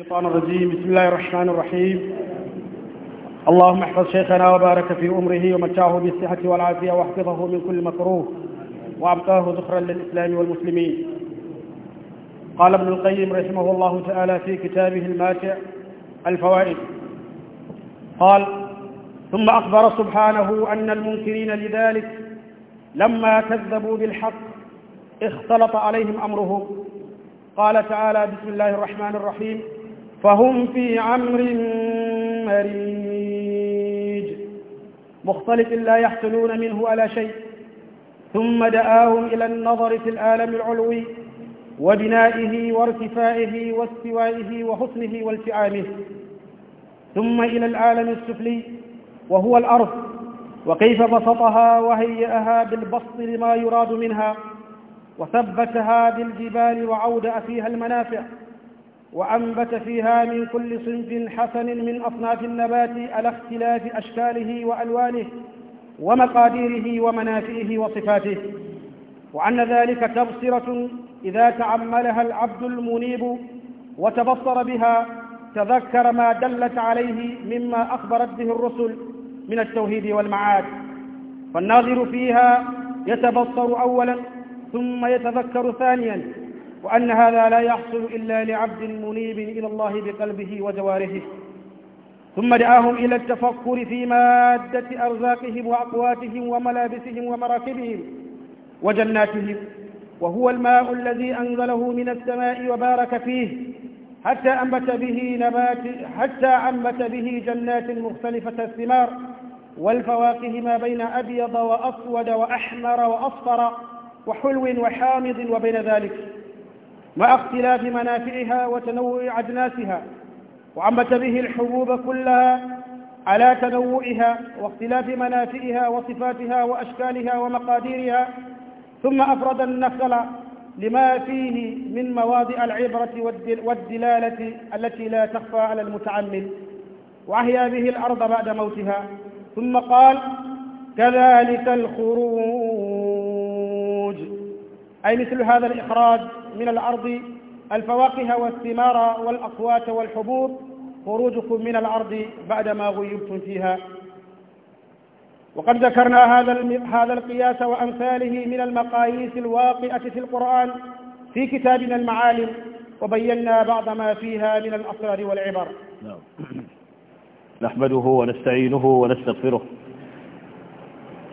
الشيطان الرجيم بسم الله الرحمن الرحيم اللهم احفظ شيخنا وبارك في أمره ومتعه بالصحة والعافية واحفظه من كل مكروه وأبقاه ذخرا للإسلام والمسلمين قال ابن القيم رحمه الله تعالى في كتابه الماتع الفوائد قال ثم أخبر سبحانه أن المنكرين لذلك لما كذبوا بالحق اختلط عليهم أمرهم قال تعالى بسم الله الرحمن الرحيم فهم في عمر مريج مختلف لا يحصلون منه على شيء ثم دعاهم إلى النظر في العالم العلوي وبنائه وارتفائه واستوائه وحسنه والتعامه ثم إلى العالم السفلي وهو الأرض وكيف بسطها وهيئها بالبسط لما يراد منها وثبتها بالجبال وعود فيها المنافع وأنبت فيها من كل صنف حسن من أصناف النبات على اختلاف أشكاله وألوانه ومقاديره ومنافئه وصفاته وأن ذلك تبصرة إذا تعملها العبد المنيب وتبصر بها تذكر ما دلت عليه مما أخبرت به الرسل من التوحيد والمعاد فالناظر فيها يتبصر أولا ثم يتذكر ثانيا وأن هذا لا يحصل إلا لعبد منيب إلى الله بقلبه وجوارحه ثم دعاهم إلى التفكر في مادة أرزاقهم وأقواتهم وملابسهم ومراكبهم وجناتهم وهو الماء الذي أنزله من السماء وبارك فيه حتى أنبت به نبات حتى أنبت به جنات مختلفة الثمار والفواكه ما بين أبيض وأسود وأحمر وأصفر وحلو وحامض وبين ذلك مع اختلاف منافعها وتنوع أجناسها وعمت به الحبوب كلها على تنوعها واختلاف منافعها وصفاتها وأشكالها ومقاديرها ثم أفرد النخل لما فيه من مواضع العبرة والدلالة التي لا تخفى على المتعمل وأحيا به الأرض بعد موتها ثم قال كذلك الخروج أي مثل هذا الإخراج من الأرض الفواكه والثمار والأقوات والحبوب خروجكم من الأرض بعدما غيبتم فيها وقد ذكرنا هذا هذا القياس وأمثاله من المقاييس الواقعة في القرآن في كتابنا المعالم وبينا بعض ما فيها من الأسرار والعبر نعم. نحمده ونستعينه ونستغفره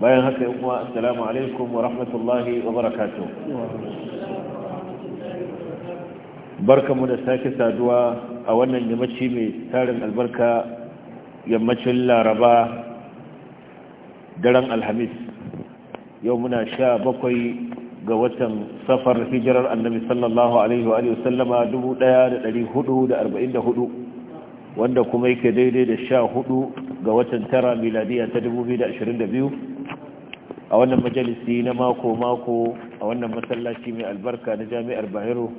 bayan haka yi kuma assalamu alaikum wa rahmatullahi wa barakatu barkamu da sake saduwa a wannan yammaci mai tarin albarka yammacin laraba daren alhamis yau muna sha bakwai ga watan safar hijirar annabi sallallahu alaihi wa sallama 1444 wanda kuma yake daidai da sha hudu ga watan tara miladiya ta biyu a wannan majalisi na mako-mako a wannan masallaci mai albarka na jami'ar bayero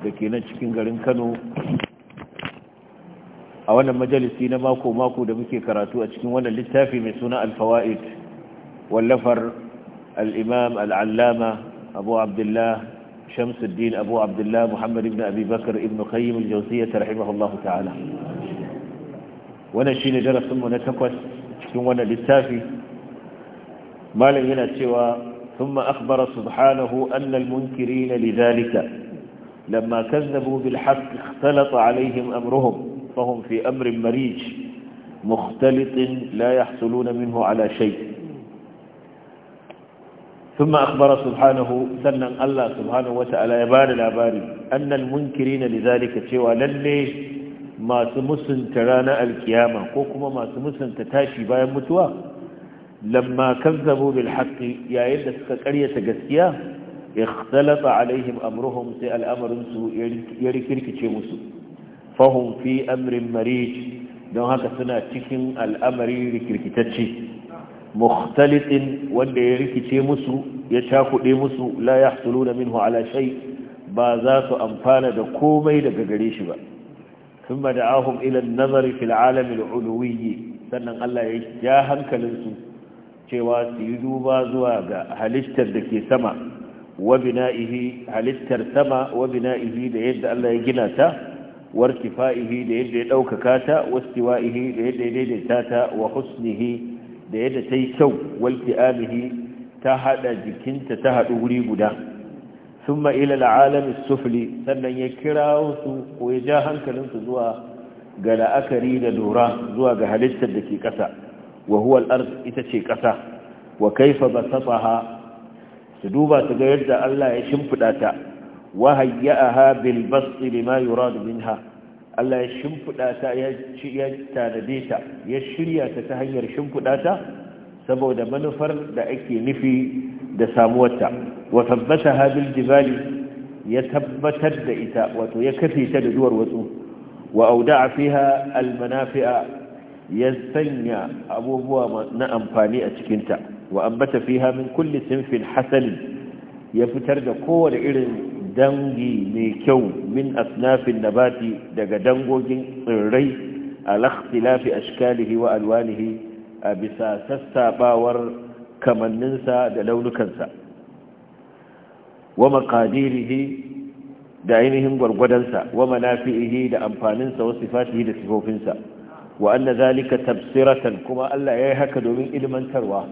da ke nan cikin garin kano a wannan majalisi na mako-mako da muke karatu a cikin wannan littafi mai suna alfawa'id wallafar al'imam al'allama abu abdullah shamsuddin abu abdullah muhammad ibn abubakar ibn qayyim al-jawziyyah rahimahullahu ta'ala wannan shine darasinmu na takwas cikin wannan littafi malam yana cewa ثم أخبر سبحانه أن المنكرين لذلك لما كذبوا بالحق اختلط عليهم أمرهم فهم في أمر مريج مختلط لا يحصلون منه على شيء ثم أخبر سبحانه سنن الله سبحانه وتعالى يبار العباري أن المنكرين لذلك سوى للي ما سمسن ترانا الكيامة وكما ما سمسن تتاشي بايا متواه لما كذبوا بالحق يا يد سكرية قسيا اختلط عليهم أمرهم سي الأمر يركرك مسو فهم في أمر مريج دون هكا سنة تكن الأمر يركرك تتشي مختلط وان يركك مسو يشاكو دي مسو لا يحصلون منه على شيء بازات أمفال دقومي لقريش با ثم دعاهم إلى النظر في العالم العلوي سنة الله يجاهم كالنسو cewa su yi duba zuwa ga halittar da ke sama wa bina'ihi halittar sama wa bina'ihi da yadda Allah ya gina ta wartifa'ihi da yadda ya ɗaukaka ta wastiwa'ihi da yadda ya daidaita ta wa husnihi da yadda ta yi kyau walti'amihi ta haɗa jikinta ta haɗu wuri guda sun ma'ila la'alamin sufli sannan ya kira su ko ya ja hankalinsu zuwa ga la'akari da lura zuwa ga halittar da ke ƙasa wa huwa al-ard ita ce ƙasa wa kaifa basataha su duba su ga yadda Allah ya shimfida ta wa hayya'aha bil bast lima yurad minha Allah ya shimfida ta ya tanade ta ya shirya ta ta hanyar shimfida ta saboda manufar da ake nufi da samuwarta wa tabbataha bil jibali ya tabbatar da ita wato ya kafe ta da duwar watsu wa auda'a fiha al manafi'a ya sanya abubuwa na amfani a cikinta wa ambata fiha min kulli sinfin hasali ya fitar da kowane irin dangi mai kyau min asnafin nabati daga dangogin tsirrai a ashkalihi wa alwanihi a bisa sassabawar kamanninsa da launukansa wa maqadirihi da ainihin gwargwadonsa wa manafi'ihi da amfaninsa wasu sifatihi da sifofinsa wa anna zalika tabsiratan kuma Allah yayi haka domin ilmantarwa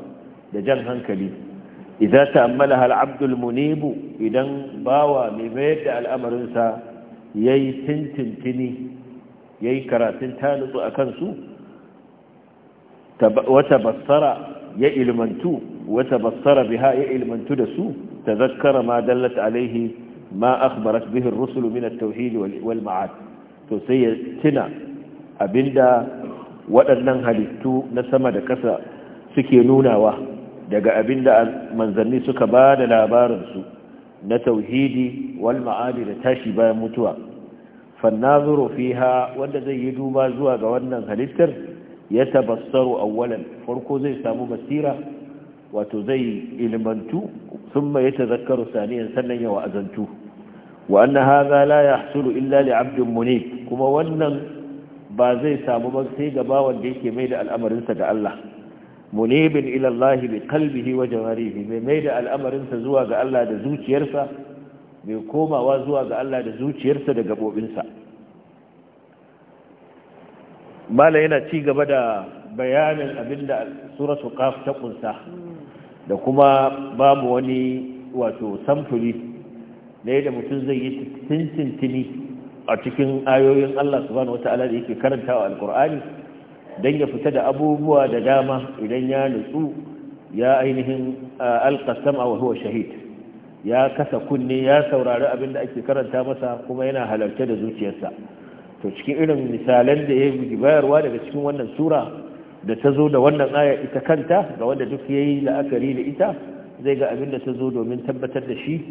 da jan hankali idza ta'ammalaha al abdul al-munib idan bawa mai bayar da al'amarin sa yayi tintintini yayi karatun talutsu akan su wata basara ya ilmantu wata basara biha ya ilmantu da su tazakkara ma dallat alaihi ma akhbarat bihi ar-rusul min at-tauhid wal-ma'ad to sai ya tina abinda waɗannan halittu na sama da ƙasa suke nunawa daga abinda manzanni suka ba da labarinsu na tauhidi wal ma'adi da tashi bayan mutuwa fannazuru fiha wanda zai yi duba zuwa ga wannan halittar ya tabassaru awwalan farko zai samu basira wato zai ilmantu ta zakaru saniyan sannan ya azantu, wa'annan anna hadha la yahsulu illa li 'abdin munib kuma wannan ba zai samu ba sai ga bawan da yake mai da al'amarinsa ga Allah munibin ila Allah bi qalbihi wa jawarihi mai mai da al'amarinsa zuwa ga Allah da zuciyarsa mai komawa zuwa ga Allah da zuciyarsa da gabobinsa mala yana ci gaba da bayanin abinda suratul qaf ta kunsa da kuma babu wani wato samfuri da yadda mutum zai yi tintintini a cikin ayoyin Allah subhanahu wata'ala da yake karantawa alkur'ani dan ya fita da abubuwa da dama idan ya nutsu ya ainihin alqasama a huwa shahid ya kasa kunne ya saurari abin da ake karanta masa kuma yana halarta da zuciyarsa to cikin irin misalan da ya yi bayarwa daga cikin wannan sura da ta zo da wannan aya ita kanta ga wanda duk yayi la'akari da ita zai ga abin da ta zo domin tabbatar da shi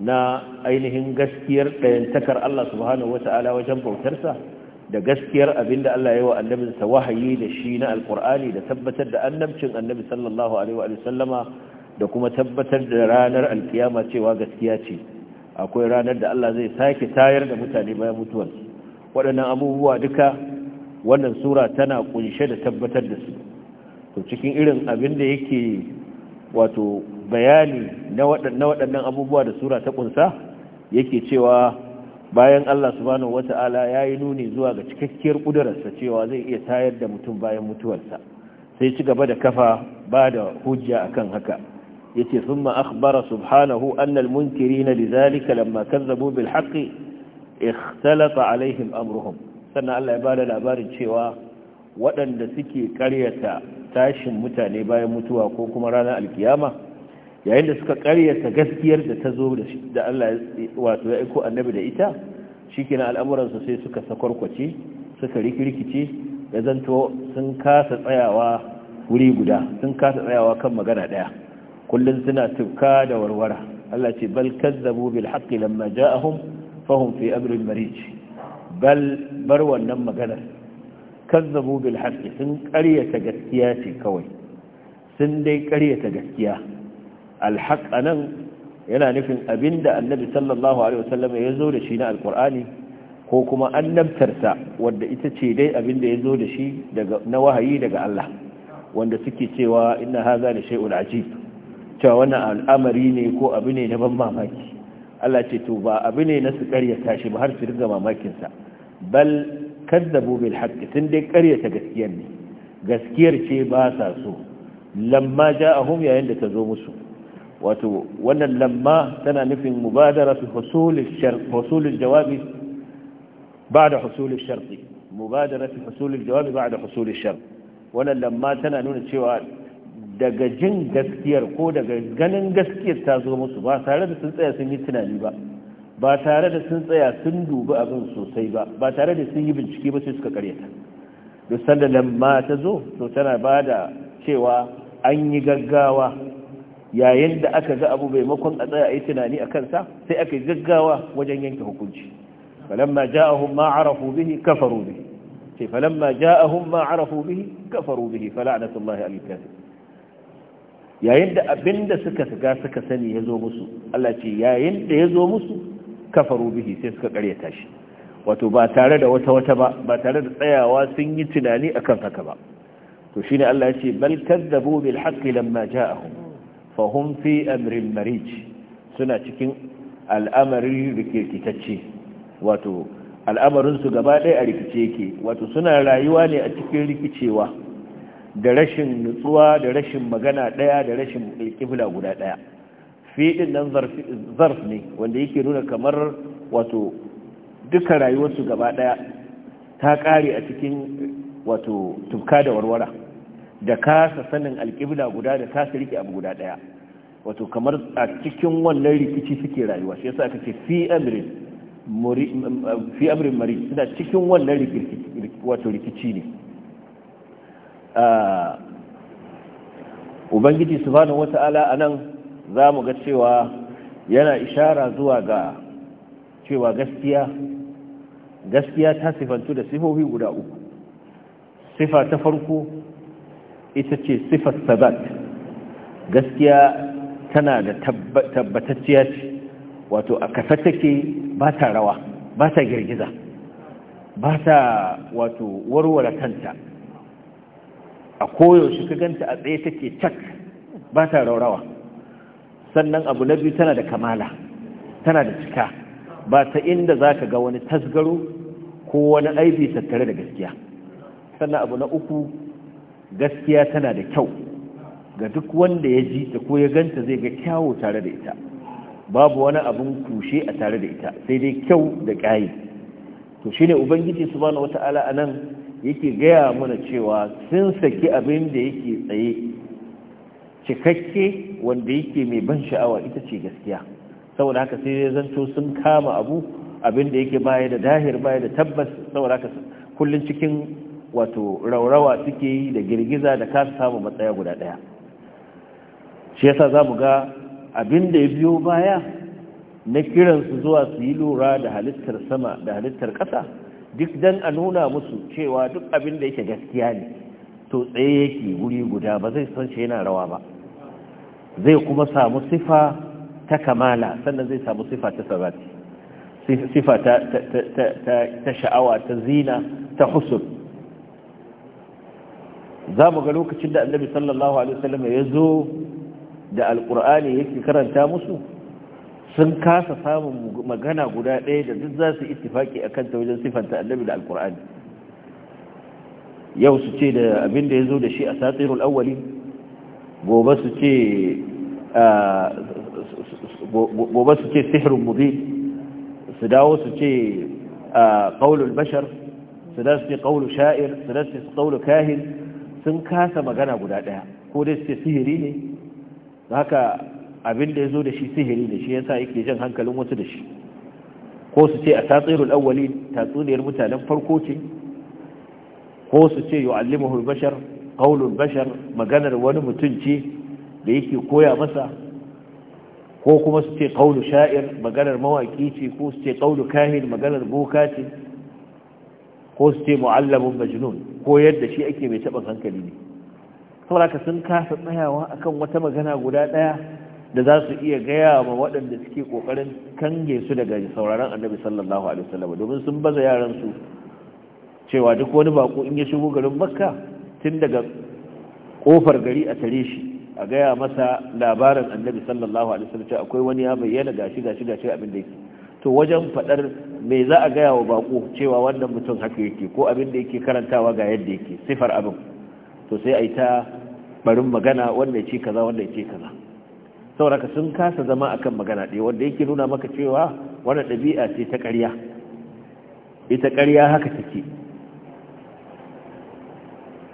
na ainihin gaskiyar ɗayantakar Allah subhanahu wata'ala wajen bautarsa da gaskiyar abin da Allah ya wa annabinsa wahayi da shi na alkur'ani da tabbatar da annabcin annabi sallallahu alaihi wa sallama da kuma tabbatar da ranar alkiyama cewa gaskiya ce akwai ranar da Allah zai sake tayar da mutane bayan mutuwarsu waɗannan abubuwa duka wannan sura tana kunshe da tabbatar da su to cikin irin abin da yake wato bayani na waɗannan abubuwa da sura ta kunsa yake cewa bayan Allah subhanahu wata'ala ya yi nuni zuwa ga cikakkiyar ƙudurarsa cewa zai iya tayar da mutum bayan mutuwarsa sai ci gaba da kafa ba da hujja akan haka yace thumma akhbara subhanahu annal al-munkirina lidhalika lamma kazzabu bil haqqi ikhtalata alaihim amruhum sannan Allah ya bada labarin cewa waɗanda suke karyata tashin mutane bayan mutuwa ko kuma ranar alkiyama yayin da suka karyata gaskiyar da ta zo da Allah wato ya aiko annabi da ita shikenan al'amuransu sai suka sakwarkwace suka rikirkice ya zanto sun kasa tsayawa wuri guda sun kasa tsayawa kan magana daya kullun suna tufka da warwara Allah ce bal kazzabu bil haqqi lamma ja'ahum fahum fi amrin marij bal bar wannan magana kazzabu bil haqqi sun karyata gaskiya ce kawai sun dai karyata gaskiya alhaq nan yana nufin abinda annabi sallallahu alaihi wasallam ya zo da shi na alqur'ani ko kuma annabtarsa wanda ita ce dai abinda ya zo da shi daga na wahayi daga Allah wanda suke cewa ina haza da shay'un ajib cewa wannan al'amari ne ko abu ne na ban mamaki Allah ce to ba abu ne na su karyata shi ba har su riga mamakinsa? sa bal kadzabu bil haqqi tun dai karyata gaskiyar ne gaskiyar ce ba sa so lamma ja'ahum yayin da ta zo musu wato wannan lamma tana nufin mubadara fi husulul jawabi ba da husulul sharti mubadara fi husulul jawabi ba da husulul sharti wannan lamma tana nuna cewa daga jin gaskiyar ko daga ganin gaskiyar ta zo musu ba tare da sun tsaya sun yi tunani ba ba tare da sun tsaya sun dubi abin sosai ba ba tare da sun yi bincike ba sai suka karyata duk sanda lamma ta zo to tana ba da cewa an yi gaggawa yayin da aka ga abu maimakon a tsaya a yi tunani a kansa sai aka yi gaggawa wajen yanke hukunci falamma ja'ahum ma arafu bihi kafaru bihi ce falamma ja'ahum ma arafu bihi kafaru bihi fala'natullahi alal kafir yayin da abinda suka ga suka sani ya zo musu Allah ce yayin da ya zo musu kafaru bihi sai suka karyata shi wato ba tare da wata wata ba ba tare da tsayawa sun yi tunani akan haka ba to shine Allah ya ce bal kazzabu bil haqqi lamma ja'ahum fahum fi amrin marij suna cikin al'amari rikirkitacce wato al'amarinsu gaba ɗaya a rikice yake wato suna rayuwa ne a cikin rikicewa da rashin nutsuwa da rashin magana ɗaya da rashin kibla guda ɗaya fi ɗin nan zarf ne wanda yake nuna kamar wato duka rayuwarsu gaba ɗaya ta ƙare a cikin wato tufka da warwara da kasa sanin alƙibla guda da kasa rike abu guda ɗaya wato kamar a cikin wannan rikici suke rayuwa shi yasa aka ce fi amrin muri fi amrin mari suna cikin wannan rikici wato rikici ne ubangiji subhanahu wata'ala anan zamu ga cewa yana ishara zuwa ga cewa gaskiya gaskiya ta sifantu da sifofi guda uku sifa ta farko ita ce sifar sabat gaskiya tana da tabbatacciya ce wato a kasa take ba ta rawa ba ta girgiza ba ta wato warware kanta a koyaushe ka ganta a tsaye take cak ba ta raurawa sannan abu na biyu tana da kamala tana da cika ba ta inda za ka ga wani tasgaro ko wani aibi tattare da gaskiya sannan abu na uku gaskiya tana da kyau ga duk wanda ya ji ta ko ya ganta zai ga kyawu tare da ita babu wani abun kushe a tare da ita sai dai kyau da ƙayi to shine ubangiji subhanahu wata'ala anan yake gaya mana cewa sun saki abin da yake tsaye cikakke wanda yake mai ban sha'awa ita ce gaskiya saboda haka sai ya zanto sun kama abu abin da yake baya da dahir baya da tabbas saboda haka kullun cikin wato raurawa suke yi da girgiza da kasa samu matsaya guda ɗaya shi yasa za mu ga abin da ya biyo baya na kiransu zuwa su yi lura da halittar sama da halittar ƙasa duk dan a nuna musu cewa duk abin da yake gaskiya ne to tsaye yake wuri guda ba zai san shi yana rawa ba zai kuma samu sifa ta kamala sannan zai samu sifa ta sabati sifa ta sha'awa ta zina ta husur za mu ga lokacin da annabi sallallahu alaihi wasallam ya zo da alkur'ani yake karanta musu sun kasa samun magana guda ɗaya da duk za su ittifaki a kanta wajen siffanta annabi da alkur'ani yau su ce da abin da ya zo da shi a satirul awwali gobe su ce gobe su ce sihirin mubi su dawo su ce ƙaunul bashar su da su ce ƙaunul sha'ir su da su ce ƙaunul kahin sun kasa magana guda ɗaya ko dai su ce sihiri ne haka abin da ya zo da shi sihiri da shi yasa yake jan hankalin wasu da shi ko su ce a tatsirul awwali tatsuniyar mutanen farko ce ko su ce yu'allimuhu al-bashar qaulul bashar maganar wani mutum ce da yake koya masa ko kuma su ce qaulu sha'ir maganar mawaki ce ko su ce qaulu kahin maganar boka ce ko su ce mu'allamun majnun ko yadda shi ake mai taba hankali ne saboda sun kasa tsayawa akan wata magana guda ɗaya da za su iya gaya ma waɗanda suke ƙoƙarin kange su daga sauraron annabi sallallahu alaihi wasallam domin sun baza yaran su cewa duk wani bako in ya shigo garin makka tun daga kofar gari a tare shi a gaya masa labarin annabi sallallahu alaihi wasallam akwai wani ya bayyana gashi gashi gashi abin da yake to wajen faɗar me za a gaya wa bako cewa wannan mutum haka yake ko abin da yake karantawa ga yadda yake sifar abin to sai a yi ta barin magana wanda ya ce kaza wanda ya ce kaza sauraka sun kasa zama akan magana ɗaya wanda yake nuna maka cewa wani ɗabi'a ce ta ƙarya ita ƙarya haka take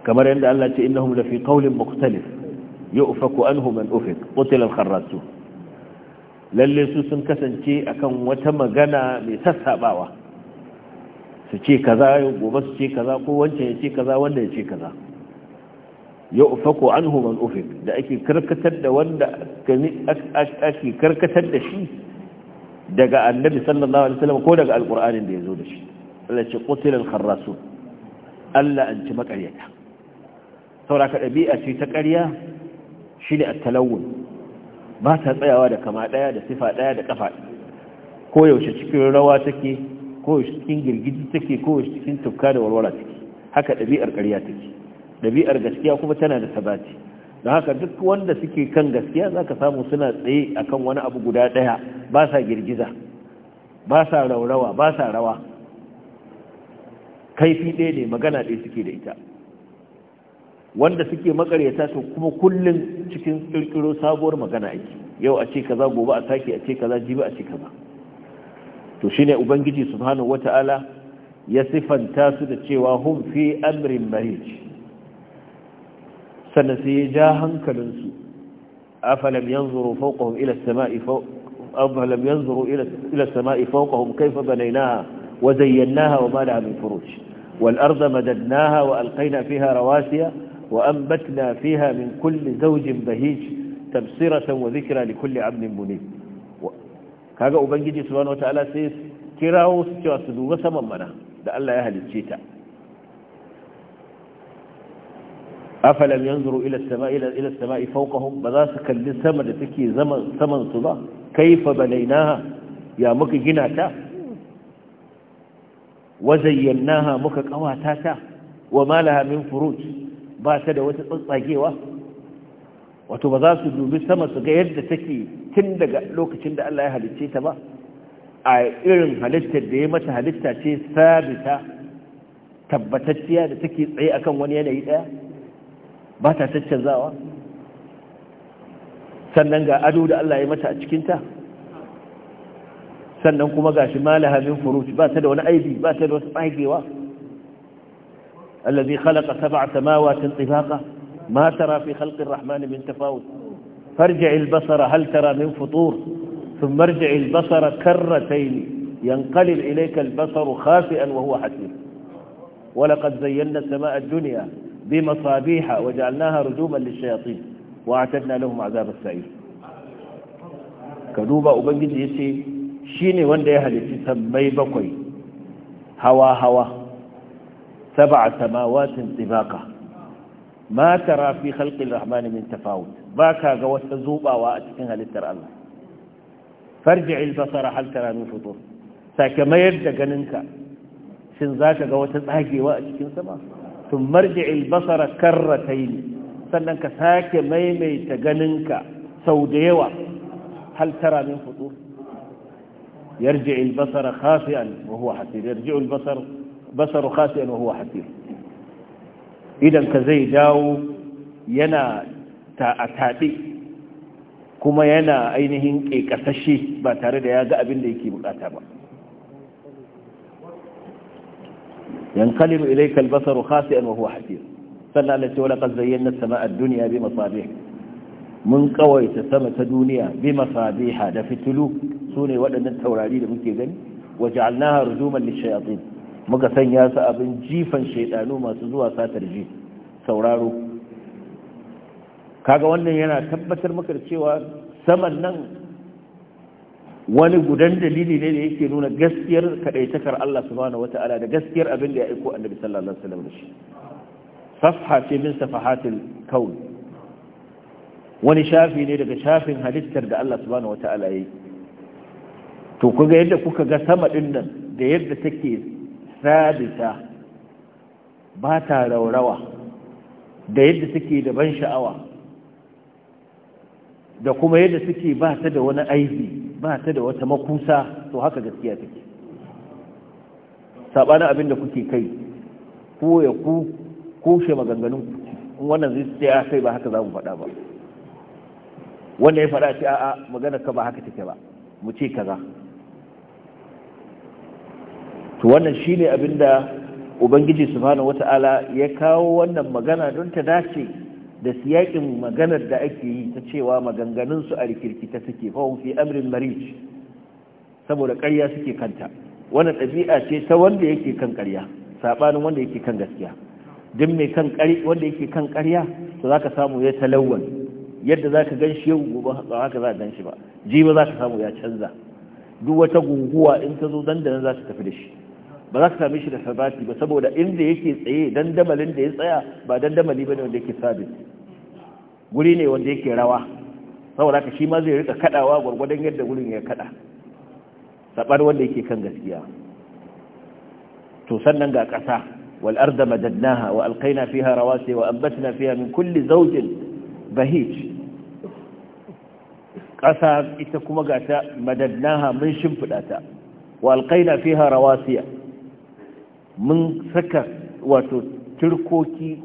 kamar yadda Allah ce innahum lafi qawlin mukhtalif yu'faku anhu man ufik qutila al-kharrasu lalle su sun kasance akan wata magana mai sassabawa su ce kaza gobe su ce kaza ko wancan ya ce kaza wanda ya ce kaza yu'faku anhu man ufik da ake karkatar da wanda ake karkatar da shi daga annabi sallallahu alaihi wasallam ko daga alqur'anin da ya zo da shi Allah ce qutila al Allah an ci makaryata Saura ka dabi'a ce ta ƙarya shine at-talawun ba ta tsayawa da kama daya da sifa daya da kafa ko yaushe cikin rawa take ko yaushe cikin girgiji take ko yaushe cikin tufka da walwala take haka dabi'ar ƙarya take ɗabi'ar gaskiya kuma tana da sabati don haka duk wanda suke kan gaskiya zaka samu suna tsaye akan wani abu guda ɗaya ba sa girgiza ba sa raurawa ba sa rawa kaifi ɗaya ne magana ɗaya suke da ita wanda suke makaryata su kuma kullum cikin kirkiro sabuwar magana ake yau a ce kaza gobe a sake a ce kaza jibi a ce kaza to shine ubangiji subhanahu wata'ala ya sifanta su da cewa hum fi amrin marij فنسيجاهم كالنسو أفلم ينظروا فوقهم إلى السماء فوق أفلم ينظروا إلى السماء فوقهم كيف بنيناها وزيناها وما لها من فروج والأرض مددناها وألقينا فيها رواسي وأنبتنا فيها من كل زوج بهيج تبصرة وذكرى لكل عبد منيب هذا أبنجي سبحانه وتعالى سيس كراوس جواسدو غسما منا ده الله يهل الشيطان afalam yanzuru ila as-sama'i ila as-sama'i fawqahum ba za su kalli sama da take zama saman su ba kaifa balainaha ya muka gina ta wa zayyanaha muka kawata ta wa ma laha min furuj ba ta da wata tsatsagewa wato ba za su dubi sama su ga yadda take tun daga lokacin da Allah ya halicce ta ba a irin halittar da ya mata halitta ce sabita tabbatacciya da take tsaye akan wani yanayi daya ba ta caccanzawa sannan ga ado da Allah ya mata a cikinta sannan kuma ga shi malaha min furuci ba ta da wani aibi ba ta da wasu tsagewa allazi khalaqa sab'a samawati tifaqa ma tara fi khalqi arrahman min tafawut farji' al-basara hal tara min futur thumma irji' al-basara karratayn yanqalib ilayka al-basaru khafi'an wa huwa hasib ولقد زينا السماء الدنيا بمصابيح وجعلناها رجوما للشياطين واعتدنا لهم عذاب السعير كدوبا أبنجد يسي شيني وانده يهلتي سمي بقوي هوا هوا سبع سماوات طباقة ما ترى في خلق الرحمن من تفاوت باكا قوات زوبا واتكنها للتر الله فارجع البصر هل ترى من فطور ساكما يبدأ قننك شن ذاك قوات الزهجي واتكن سماوات ثم ارجع البصر كرتين سننك ساك ميمي تغننك سوديوة هل ترى من فطور يرجع البصر خاسئا وهو حسير يرجع البصر بصر خاسئا وهو حسير إذا كزي جاو ينا تأتابي كما ينا أينهن كتشي باتارد يا قابل ليكي بقاتابا yanqalibu ilayka al-basaru khasi'an wa huwa hasir sannan Allah ce wala qad zayyana as-sama'a ad-dunya bi masabih mun kawaita sama ta duniya bi masabiha da fitilu sune waɗannan taurari da muke gani waja'alnaha rujuman lish-shayatin muka sanya su abin jifan shaiɗanu masu zuwa satar ji sauraro kaga wannan yana tabbatar maka cewa saman nan wani gudan dalili ne da yake nuna gaskiyar kaɗaitakar Allah subhanahu wata'ala da gaskiyar abin da ya aiko annabi sallallahu alaihi wasallam da shi safha ce min safahatil kaun wani shafi ne daga shafin halittar da Allah subhanahu wata'ala yayi to kuga yadda kuka ga sama din nan da yadda take sabita ba ta raurawa da yadda take da ban sha'awa da kuma yadda suke ba ta da wani aibi ba ta da wata makusa to haka gaskiya take sabanin abin da kuke kai ko ya ku kushe maganganun in wannan zai sai a kai ba haka za mu faɗa ba wanda ya faɗa ce a'a magana ka ba haka take ba mu ce kaza to wannan shine abin da ubangiji subhanahu wata'ala ya kawo wannan magana don ta dace da siyakin maganar da ake yi ta cewa maganganunsu a rikirkita suke fahim fi amrin marij saboda ƙarya suke kanta wannan ɗabi'a ce ta wanda yake kan ƙarya saɓanin wanda yake kan gaskiya duk mai kan ƙari wanda yake kan ƙarya to zaka samu ya talawwan yadda zaka gan shi yau gobe ba haka za ka gan shi ba ji ba zaka samu ya canza duk wata guguwa in ta zo dandanan za ta tafi da shi ba za ka same shi da sabati ba saboda inda yake tsaye dandamalin da ya tsaya ba dandamali ba ne wanda yake sabit guri ne wanda yake rawa saboda ka shi ma zai rika kadawa gwargwadon yadda gurin ya kada sabar wanda yake kan gaskiya to sannan ga ƙasa wal arda madadnaha wa alqaina fiha rawasi wa ambatna fiha min kulli zawjin bahij ƙasa ita kuma ga ta madadnaha mun shimfida ta wa alqaina fiha rawasiya mun saka wato turkoki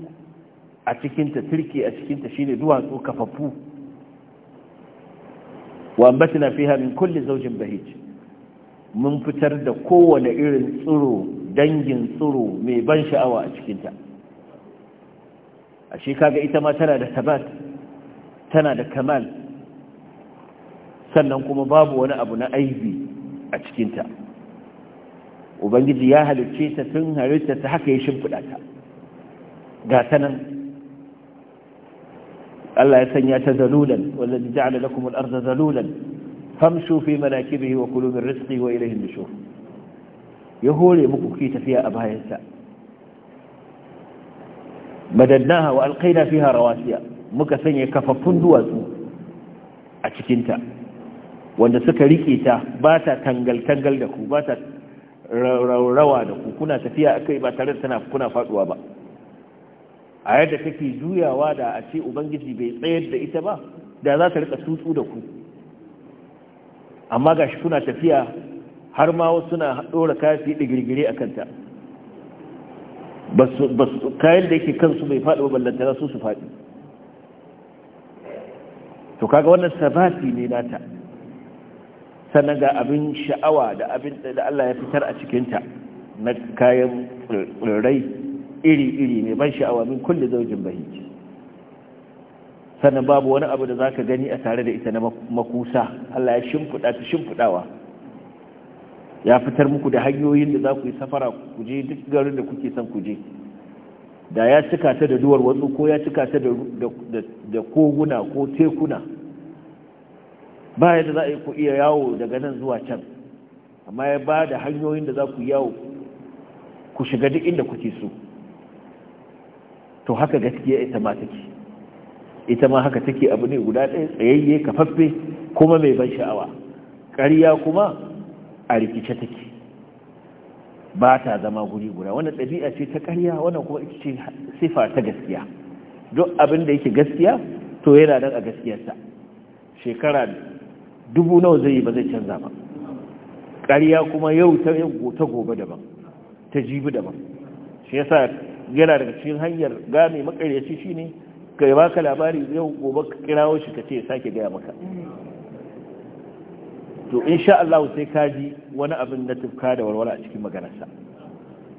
a cikinta turki a cikinta shine duwatsu kafafu. wa ambatna fiha min kulli zawjin bahij mun fitar da kowane irin tsiro dangin tsiro mai ban sha'awa a cikinta ashe kaga ita ma tana da tabat tana da kamal sannan kuma babu wani abu na aibi a cikinta ubangiji ya halicce ta tun halitta ta haka ya shimfiɗa ta ga ta nan Allah ya sanya ta zalulan wallazi ja'ala lakum al-ardha zalulan famshu fi manakibihi wa kulu min rizqi wa ilayhi nushur ya hore muku ki tafiya a bayansa madadnaha wa alqayna fiha rawasiya muka sanya kafaffun duwatsu a cikinta wanda suka rike ta ba ta tangal-tangal da ku ba ta rawa da ku kuna tafiya akai ba tare da tana kuna faduwa ba a yadda kake juyawa da a ce ubangiji bai tsayar da ita ba da za ta rika tutsu da ku amma gashi kuna tafiya har ma wasu suna dora kafi da girgire a kanta kayan da yake kansu bai faɗi za su su faɗi to kaga wannan sabati ne nata sannan ga abin sha'awa da abin da Allah ya fitar a cikinta na kayan tsirrai iri-iri mai ban sha'awa min kulle zaujin bahiji sannan babu wani abu da za ka gani a tare da ita na makusa Allah ya shimfiɗa ta shimfiɗawa ya fitar muku da hanyoyin da za ku yi safara ku je duk garin da kuke son ku je da ya cika ta da duwar wasu ko ya cika ta da koguna ko tekuna ba yadda za a yi ku iya yawo daga nan zuwa can amma ya ba da hanyoyin da za ku yawo ku shiga duk inda kuke so to haka gaskiya ita ma take ita ma haka take abu ne guda ɗaya tsayayye kafaffe kuma mai ban sha'awa ƙarya kuma a rikice take ba ta zama guri guda wannan ɗabi'a ce ta ƙarya wannan kuma ita ce sifa ta gaskiya duk abin da yake gaskiya to yana nan a gaskiyarsa shekara dubu nawa zai yi ba zai canza ba ƙariya kuma yau ta ta gobe daban ta jibi daban shi yasa yana daga cikin hanyar gane makaryaci shine ka yi baka labari yau gobe ka kirawo shi ka ce sake gaya maka to insha Allah sai ka ji wani abin na tufka da walwala a cikin maganarsa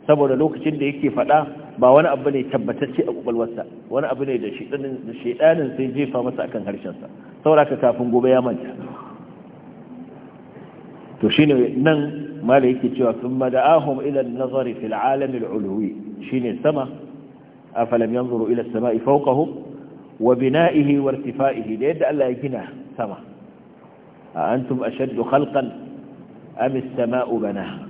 saboda lokacin da yake faɗa ba wani abu ne tabbatacce a kwakwalwarsa wani abu ne da shaidanin sai jefa masa akan harshensa saboda ka kafin gobe ya manta to shine nan mala yake cewa sun mada'ahum ila nazari fil alami al'ulwi shine sama afalam yanzuru ila as-sama'i fawqahum wa bina'ihi wa irtifa'ihi da yadda Allah ya gina sama a antum ashaddu khalqan am as-sama'u banaha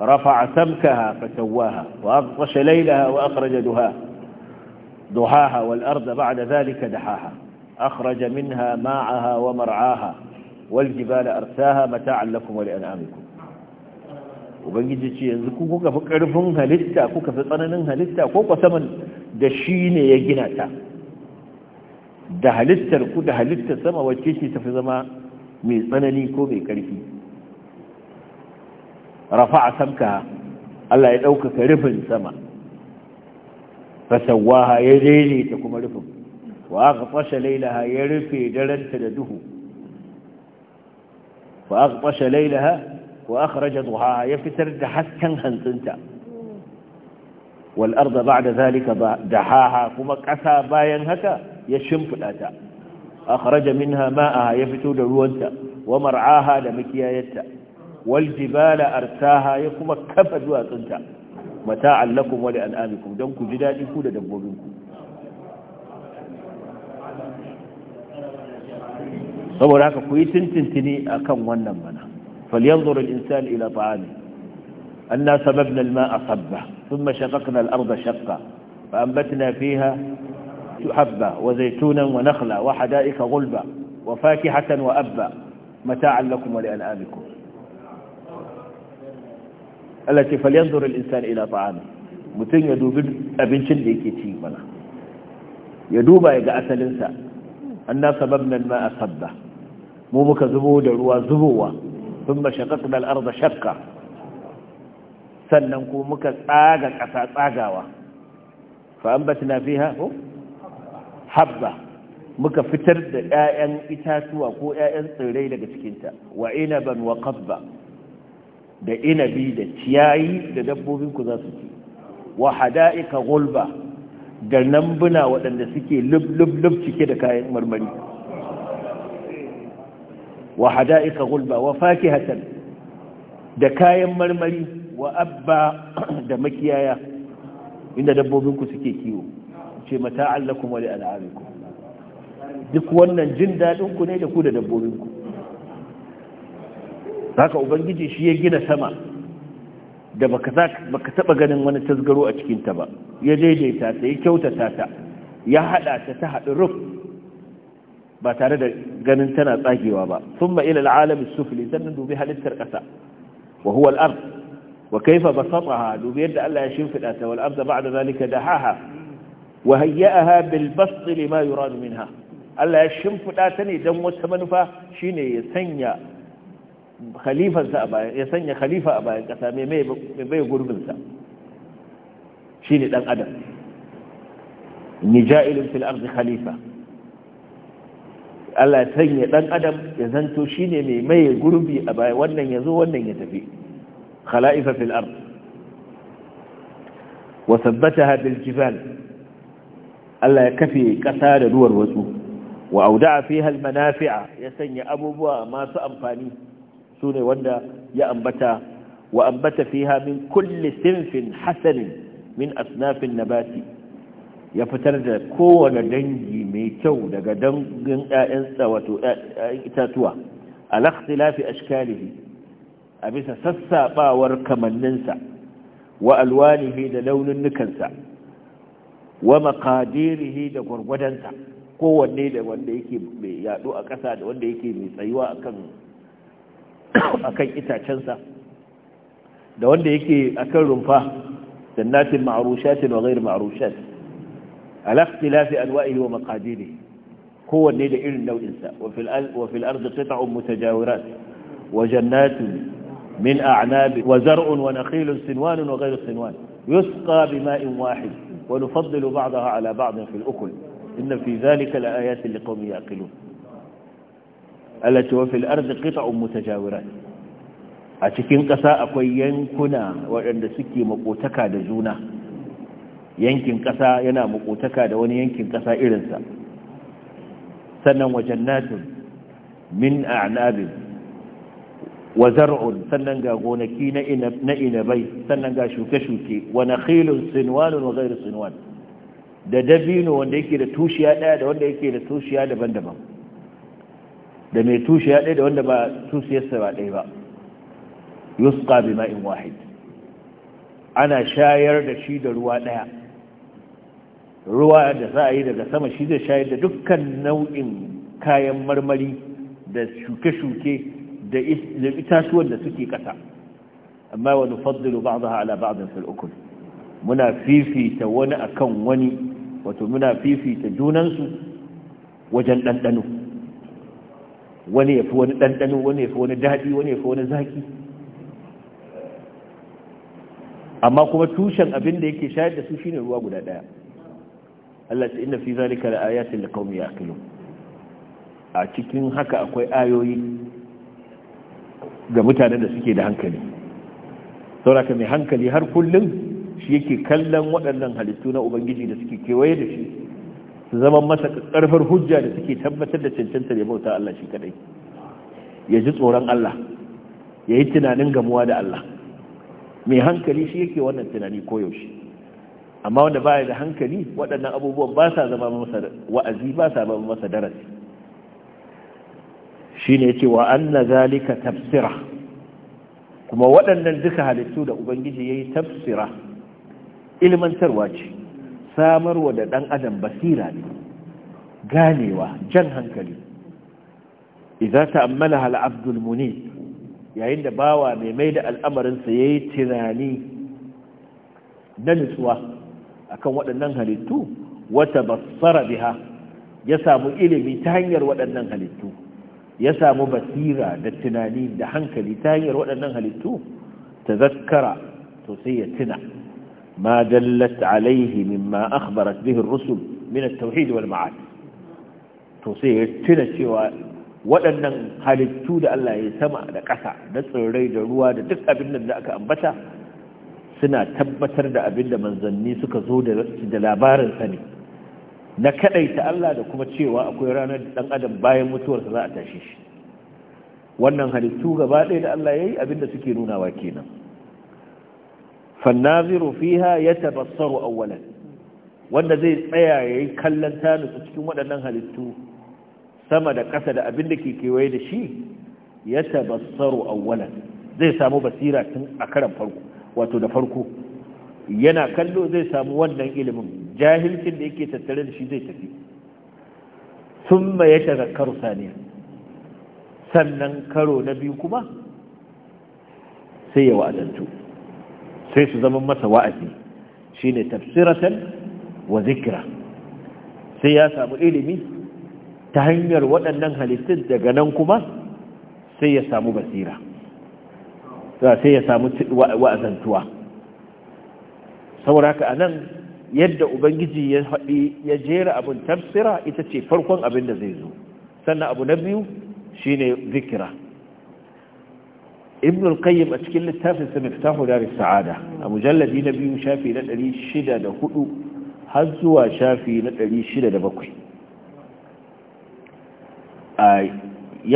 رفع سمكها فسواها وأغطش ليلها duhaha wal arda والأرض بعد dahaha دحاها minha ma'aha wa mar'aha والجبال أرساها متاعا لكم ولأنعامكم ubangiji ce yanzu ku kuka fi karfin halitta kuka fi tsananin halitta ko ku saman da shi ne ya gina ta da halittar ku da halittar sama wacce ce tafi zama mai tsanani ko mai ƙarfi rafa a samka Allah ya ɗaukaka rufin sama fasawaha ya daidaita kuma rufin wa aka fashe lailaha ya rufe daranta da duhu فأغطش ليلها وأخرج ضحاها يفتر دحسكا هنسنتا والأرض بعد ذلك دحاها كما قسى باين هكا يشمف الأتا أخرج منها ماءها يفتو دلوانتا ومرعاها لمكيايتا والجبال أرساها يكما كفدوا أتنتا متاعا لكم ولأنآمكم دنكو جدادكم لدبوبنكم saboda haka ku yi tintintini a kan wannan mana falyanzur al-insan ila ta'ami anna sababna al-ma'a sabba thumma shaqaqna al-ardha shaqqa fa anbatna fiha حبة وزيتونا ونخلا وحدائق غلبة وفاكهة وأبا متاعا لكم ولأنعامكم التي فلينظر الإنسان إلى طعامه متن يدوب أبنشن ليكي تيمنا يدوب يقع أسلنسا أنا سببنا الماء صبه mu muka zubo da ruwa zubowa sun ba shaƙaƙunan arda shakka sannan ko muka tsaga ƙasa tsagawa fa'an ba tuna fi haɓo? Oh, habba muka fitar da ‘ya'yan itatuwa ko ‘ya'yan tsirrai daga cikinta wa inaban wa ƙabba da inabi da ciyayi da dabbobinku za su ci wa hada'ika gulba da nambuna waɗanda suke lub lub cike da kayan marmari wa hada'ika gulba wa fakihatan da kayan marmari wa abba da makiyaya inda dabbobinku suke kiwo ce mata'an lakum wa li'an'amikum duk wannan jin dadin ku ne da ku da dabbobinku haka ubangiji shi ya gina sama da baka taba ganin wani tasgaro a cikinta ba ya daidaita ta ya kyautata ta ya hada ta ta haɗi ruf ba tare da ganin tana tsagewa ba thumma ila al'alam sufili sannan dubi halittar kasa wa huwa al-ard wa kayfa basataha dubi yadda Allah ya shimfida ta da arda ba'da zalika dahaha wa hayya'aha bil bast lima min minha Allah ya shimfida ta ne dan wata manufa shine ya sanya khalifansa a bayan ya sanya khalifa a bayan kasa mai bai gurbinsa shine dan adam ni ja'ilun fil ardi khalifa Allah ya sanya dan adam ya zanto shine mai maye gurbi a baya wannan zo wannan ya tafi khala'ifa fil ard wa thabbataha bil jibal Allah ya kafe kasa da ruwar wasu wa auda'a fiha al manafi'a ya sanya abubuwa masu amfani sune wanda ya ambata wa ambata fiha min kulli sinfin hasanin min asnafin nabati ya fitar da kowane dangi mai kyau daga dangin ƴaƴan wato itatuwa ala ikhtilafi ashkalihi a bisa sassabawar kamanninsa wa alwanihi da launinnukansa wa makadirihi da gurgudansa kowanne da wanda yake mai yado a ƙasa da wanda yake mai tsayuwa a kan itacensa da wanda yake akan rumfa jannatin ma'rushatin wa ghairu ma'rushatin على اختلاف أنوائه ومقاديره هو قوة لإلم نوع وفي وفي الأرض قطع متجاورات وجنات من أعناب وزرع ونخيل سنوان وغير سنوان يسقى بماء واحد ونفضل بعضها على بعض في الأكل إن في ذلك لآيات لقوم يأكلون التي وفي الأرض قطع متجاورات أتكين قساء كوين كنا وعند سكي مقوتكا دجونا yankin ƙasa yana makotaka da wani yankin ƙasa irinsa sannan wajen natin min a a'nabin wa zar'un sannan ga gonaki na inabai sannan ga shuke-shuke wani khilun sinwanun wa ghairu sinwan da dabino wanda yake da tushiya ɗaya da wanda yake da tushiya daban-daban da mai tushiya ɗaya da wanda ba tushiyarsa ba ɗaya ba yusqa ma'in wahid ana shayar da shi da ruwa ɗaya ruwa da za a yi daga sama shi zai shayar da dukkan nau'in kayan marmari da shuke-shuke da itatuwan da suke kasa amma wani faddilu ba za a ala ba'adun fil'ukul muna fifita wani akan wani wato muna fifita junansu wajen ɗanɗano wani ya fi wani ɗanɗano wani ya fi wani daɗi wani ya fi wani zaki amma kuma tushen abin da yake shayar da su shine ruwa guda ɗaya Allah ce inna fi zalika la ayatin li qaumi a cikin haka akwai ayoyi ga mutanen da suke da hankali sauraka mai hankali har kullum shi yake kallon waɗannan halittu na ubangiji da suke kewaye da shi su zama masa karfar hujja da suke tabbatar da cancanta da bauta Allah shi kadai ya ji tsoron Allah ya yi tunanin gamuwa da Allah mai hankali shi yake wannan tunani koyaushe amma wanda baya da hankali waɗannan abubuwan ba sa zama masa wa'azi ba sa zama masa darasi shine yace wa anna zalika tafsira kuma waɗannan duka halittu da ubangiji yayi tafsira ilmantarwa ce samarwa da ɗan adam basira ne ganewa jan hankali idza ta al-'abdu al yayin da bawa mai mai da al'amarinsa yayi tunani na nutsuwa akan waɗannan halittu wata basara biha ya samu ilimi ta hanyar waɗannan halittu ya samu basira da tunani da hankali ta hanyar waɗannan halittu ta zakkara to sai ya tuna ma dallat alaihi mimma akhbarat bihi ar-rusul min at-tauhid wal ma'ad to sai ya tuna cewa waɗannan halittu da Allah ya sama da ƙasa da tsirrai da ruwa da duk abin da aka ambata suna tabbatar da abin da manzanni suka zo da labarin sani. na ta Allah da kuma cewa akwai ranar dan adam bayan mutuwarsa za a tashi shi wannan halittu gaba ɗaya da Allah ya yi abin da suke wa kenan fannaziru fiha ya awwalan wanda zai tsaya yayi yi kallon tanusu cikin waɗannan halittu sama da ƙasa da abin da ke kewaye da shi ya awwalan zai samu basira tun a karan farko wato da farko yana kallo zai samu wannan ilimin jahilcin da yake tattare da shi zai tafi thumma karo saniya sannan karo na biyu kuma sai ya wa'azantu sai su zama masa wa'azi ne tafsiratan wa zikira. sai ya samu ilimi ta hanyar waɗannan halittun daga nan kuma sai ya samu basira sai ya samu wa'azantuwa saboda haka nan yadda ubangiji ya haɗi ya jera abin tafsira ita ce farkon abin da zai zo sannan abu na biyu shi ne zikira ibn al-qayyim a cikin littafin sa miftahu daris sa'ada a mujalladi na biyu shafi na 604 har zuwa shafi na 607 Ya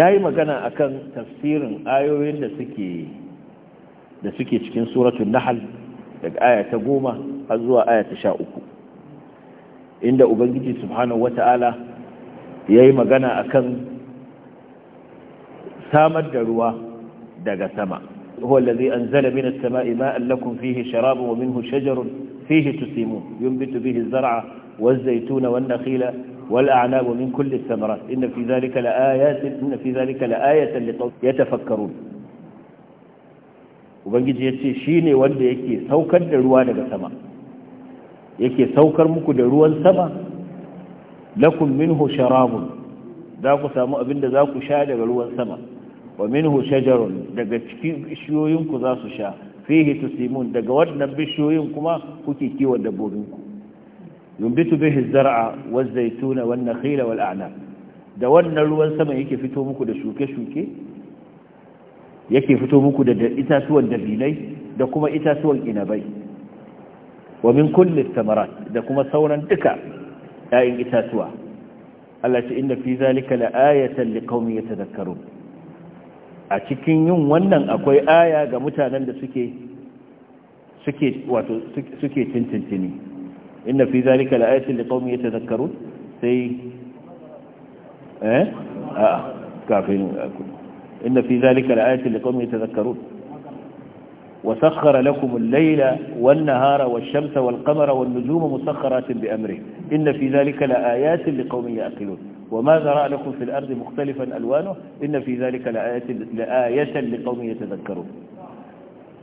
yayi magana akan tafsirin ayoyin da suke da suke cikin suratul nahl daga aya ta goma har zuwa aya ta sha uku inda ubangiji subhanahu wata'ala ya yi magana akan samar da ruwa daga sama هو الذي أنزل من السماء ماء لكم فيه شراب ومنه شجر فيه تسيمون ينبت به الزرع والزيتون والنخيل والأعناب من كل الثمرات إن في ذلك لآيات إن في ذلك لآية لقوم يتفكرون ubangiji ya ce shi ne wanda yake saukar da ruwa daga sama yake saukar muku da ruwan sama lakum minhu sharabun za ku samu abin da za ku sha daga ruwan sama wa minhu shajarun daga cikin bishiyoyinku za su sha fihi tusimun daga waɗannan bishiyoyin kuma kuke kiwon dabbobinku yumbitu bihi zar'a waz zaituna wan nakhila wal a'nab da wannan ruwan sama yake fito muku da shuke-shuke yake fito muku da itatuwan dabilai da kuma itatuwan inabai wa min kulli thamarat da kuma sauran duka ayin itatuwa Allah ce inna fi zalika la'ayatan liqaumin yatadhakkarun a cikin yin wannan akwai aya ga mutanen da suke suke wato suke tintintini inna fi zalika la'ayatan liqaumin yatadhakkarun sai eh a kafin إن في ذلك لآية لقوم يتذكرون وسخر لكم الليل والنهار والشمس والقمر والنجوم مسخرات بأمره إن في ذلك لآيات لقوم يأكلون وما ذرأ لكم في الأرض مختلفا ألوانه إن في ذلك لآية, لآية لقوم يتذكرون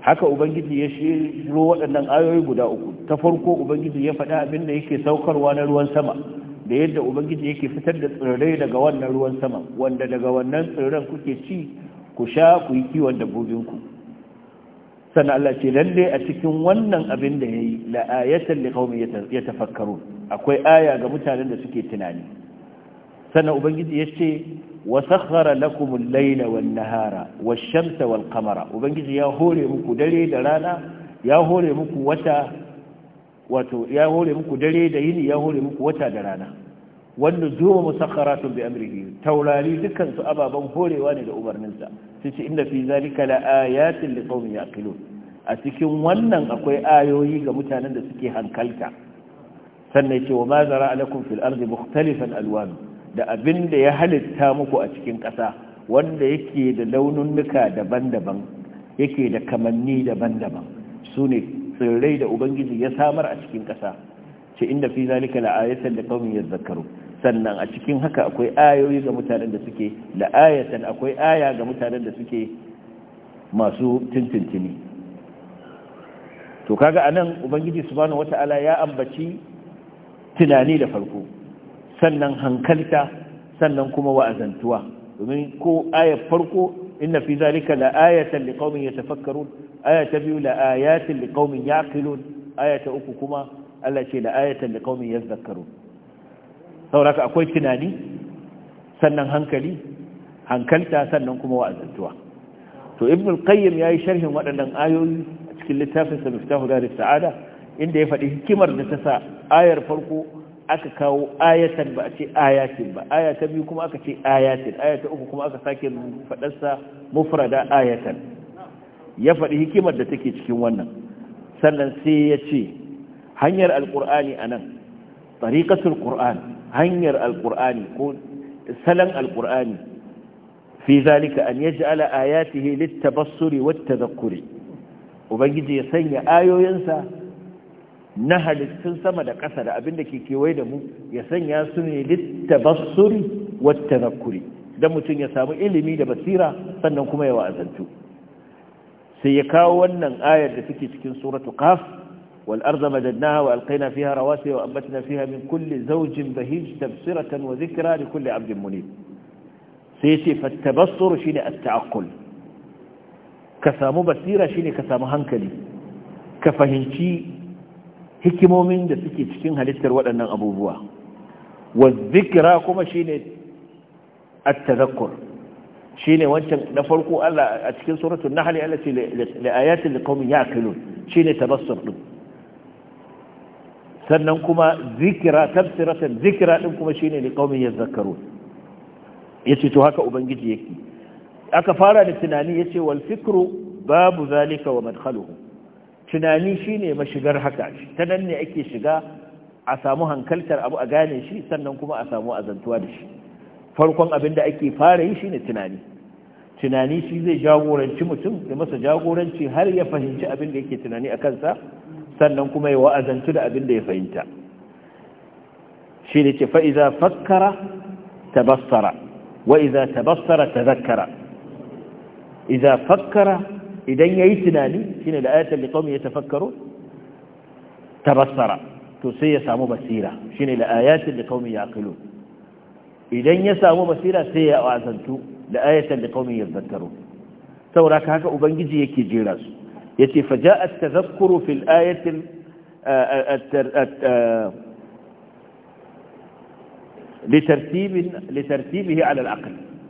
حكى أبنجد يشير shiro أن الآية يبدأ أكل تفرقوا أبنجد يفدأ ya faɗa سوكر وانا yake saukarwa da yadda ubangiji yake fitar da tsirrai daga wannan ruwan sama wanda daga wannan tsirran kuke ci ku sha ku yi kiwon dabbobinku sannan Allah ce lalle a cikin wannan abin da yayi la ayatan qaumi yatafakkarun akwai aya ga mutanen da suke tunani sannan ubangiji yace wa sakhara lakum al-layla wan-nahara wash-shamsa wal-qamara ubangiji ya hore muku dare da rana ya hore muku wata wato ya hore muku dare da yini ya hore muku wata da rana wanda zuwa musakharatun bi amrihi taurari dukkan su ababan horewa ne da umarninsa sai ce inda fi zalika la ayatin li qaumin yaqilun a cikin wannan akwai ayoyi ga mutanen da suke hankalta sannan ce wa ma zara alakum fil ardi mukhtalifan alwan da abin da ya halitta muku a cikin ƙasa wanda yake da laununnuka daban-daban yake da kamanni daban-daban su ne tsirrai da ubangiji ya samar a cikin ƙasa ce inda fi zalika la'ayatan da qaumin yadhakkaru sannan a cikin haka akwai ayoyi ga mutanen da suke la'ayatan akwai aya ga mutanen da suke masu tintintini to kaga anan ubangiji subhanahu wataala ya ambaci tunani da farko sannan hankalta sannan kuma wa'azantuwa domin ko ayar farko inna fi zalika la'ayatan liqaumin yatafakkarun aya ta biyu la ayatin liqaumin yaqilun aya ta uku kuma Allah ce la ayatan liqaumin yadhakkarun sauraka akwai tunani sannan hankali hankalta sannan kuma wa'azantuwa to ibnu al-qayyim yayi sharhin waɗannan ayoyi a cikin littafin sa miftahu darus sa'ada inda ya faɗi hikimar da ta sa ayar farko aka kawo ayatan ba a ce ayatin ba aya ta biyu kuma aka ce ayatin aya ta uku kuma aka sake faɗarsa mufrada ayatan ya faɗi hikimar da take cikin wannan sannan sai ya ce hanyar alƙur'ani a nan tsarikatul ƙur'an hanyar alƙur'ani ko salon alƙur'ani fi zalika an yaji ala ayatihi littabassuri wata zakuri ubangiji ya sanya ayoyinsa na halittun sama da ƙasa da abin da ke kewaye da mu ya sanya su ne littabassuri wata zakuri don mutum ya samu ilimi da basira sannan kuma ya wa'azantu sai ya kawo wannan ayar da take cikin suratu kaf wal arda madadnaha wa alqayna fiha rawasiya wa anbatna fiha min kulli zawjin bahij tabsiratan wa dhikra li kulli 'abdin munib sai yace fatabassur shine at-ta'aqqul ka samu basira shine ka samu hankali ka fahimci hikimomin da suke cikin halittar waɗannan abubuwa wa dhikra kuma shine at-tadhakkur shine wancan na farko Allah a cikin suratul nahl Allah ce li ayatin liqaumin yaqilun shine tabassum din sannan kuma zikira tafsiratan zikira din kuma shine liqaumin ya yace to haka ubangiji yake aka fara da tunani yace wal fikru babu zalika wa madkhaluhu tunani shine mashigar haka ta nan ne ake shiga a samu hankaltar abu a gane shi sannan kuma a samu azantuwa da shi farkon abin da ake fara yi shine tunani tunani shi zai jagoranci mutum da masa jagoranci har ya fahimci abin da yake tunani a kansa sannan kuma ya wa'azantu da abin da ya fahimta shi ne ce fa'iza fakkara tabassara wa'iza tabassara tazakkara iza fakkara idan yayi tunani shine da ayatul liƙomi ya tafakkaro tabassara to sai ya samu basira shine da ayatul liƙomi ya idan ya samu basira sai ya wazantu da ayatan da kaumin yadhakkaru saboda haka ubangiji yake jera su yace fa ja'a tadhakkuru fil ayatin litartibin litartibihi ala al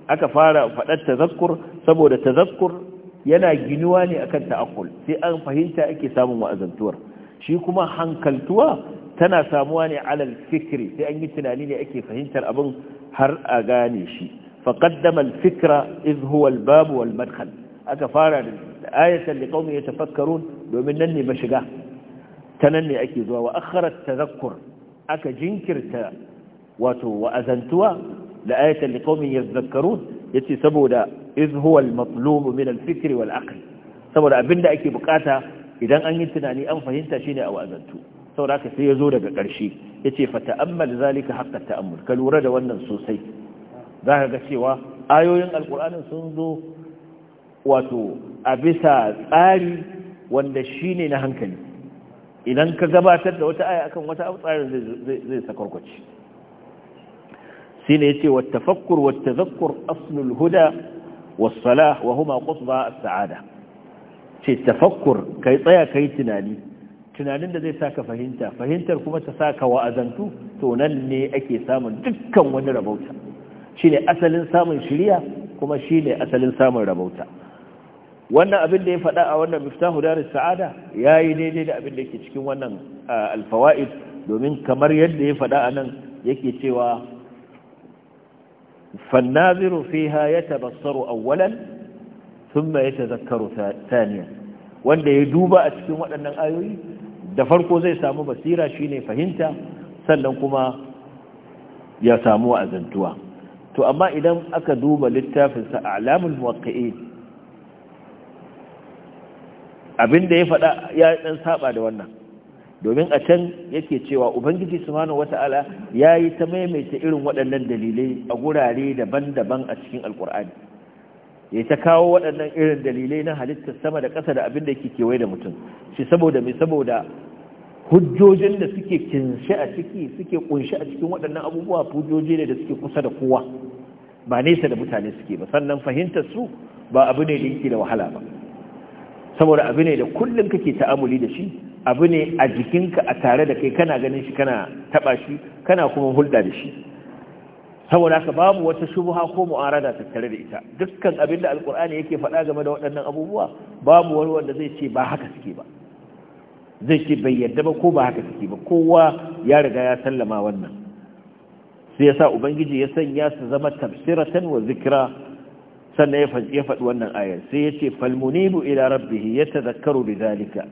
aka fara fadar tadhakkur saboda tadhakkur yana ginuwa ne akan ta'akkul sai an fahimta ake samun wa'azantuwar shi kuma hankaltuwa tana samuwa ne alal fikri sai an yi tunani ne ake fahimtar abin har a gane shi faqaddama al fikra iz huwa al bab wal madkhal aka fara da ayatan ya yatafakkarun domin nan ne mashiga ta nan ne ake zuwa wa akhara tadhakkur aka jinkirta wato wa azantuwa la ayatan liqaumin yadhakkarun yace saboda iz huwa al matlub min al fikri wal aql saboda abinda ake bukata idan an yi tunani an fahimta shine a wa'azantu saboda haka sai ya zo daga ƙarshe ya ce fa ta'ammal zalika haqqa ta'ammul ka lura da wannan sosai za ka ga cewa ayoyin alkur'anin sun zo wato a bisa tsari wanda ne na hankali idan ka gabatar da wata aya akan wata tsari zai sakwarkwaci shine yace wat tafakkur wat zakkur aslul huda was salah wa huma qutba as sa'ada ce tafakkur kai tsaya kai tunani tunanin da zai saka fahimta fahimtar kuma ta saka wa'azantu to nan ne ake samun dukkan wani rabauta ne asalin samun shiriya kuma ne asalin samun rabauta wannan abin da ya faɗa a wannan miftahu darus sa'ada yayi daidai da abin da yake cikin wannan alfawaid domin kamar yadda ya faɗa a nan yake cewa fannaziru fiha yatabassaru awwalan ya yatazakkaru Saniya, wanda ya duba a cikin waɗannan ayoyi da farko zai samu basira shine fahimta sannan kuma ya samu azantuwa to amma idan aka duba littafin sa alamul abin abinda ya faɗa ya dan saba da wannan domin a can yake cewa ubangiji subhanahu wata'ala yayi ta maimaita irin waɗannan dalilai a gurare daban-daban a cikin alkur'ani ya ta kawo waɗannan irin dalilai na halittar sama da ƙasa da abin da yake kewaye da mutum shi saboda mai saboda hujjojin da suke kinshi a ciki suke kunshi a cikin waɗannan abubuwa hujjoji ne da suke kusa da kowa ba nesa da mutane suke ba sannan fahimtar su ba abu ne da yake da wahala ba saboda abu ne da kullum kake ta'amuli da shi abu ne a jikinka a tare da kai kana ganin shi kana taba shi kana kuma hulɗa da shi saboda haka babu wata shubha ko mu'arada tattare da ita dukkan abin da alkur'ani yake faɗa game da waɗannan abubuwa babu wani wanda zai ce ba haka suke ba zai ce bai yadda ba ko ba haka take ba kowa ya riga ya sallama wannan sai yasa ubangiji ya sanya su zama tafsiratan wa zikra sannan ya faɗi wannan ayar sai ya ce falmunibu ila rabbih yatadhakkaru bidhalika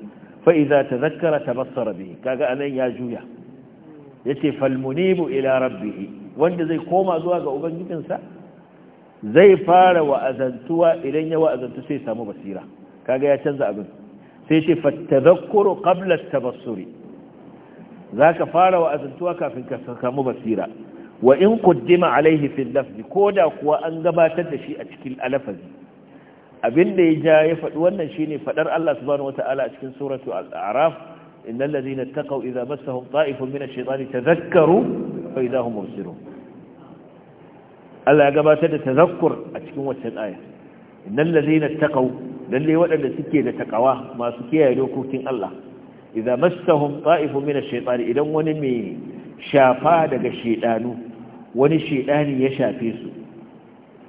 fa idza tadhakkara tabassara bihi kaga anan ya juya yace falmunibu ila rabbih wanda zai koma zuwa ga ubangijinsa zai fara wa'azantuwa idan ya wa'azantu sai samu basira kaga ya canza abin sai ce fattazakkuru qabla tabassuri ka fara wa azantuwa kafin ka samu basira wa in quddima alaihi fil lafzi koda kuwa an gabatar da shi a cikin alafazi abinda ya ja ya faɗi wannan shi ne faɗar Allah subhanahu wataala a cikin suratu al-a'raf innal ladhina taqaw idza massahum ta'ifun min ash-shaytani tadhakkaru fa idza hum mubsirun Allah ya gabatar da tazakkur a cikin wannan aya innal ladhina taqaw lalle waɗanda suke da takawa masu kiyaye dokokin Allah idza massahum ta'ifun min ash-shaytan idan wani mai shafa daga shedanu wani shedani ya shafe su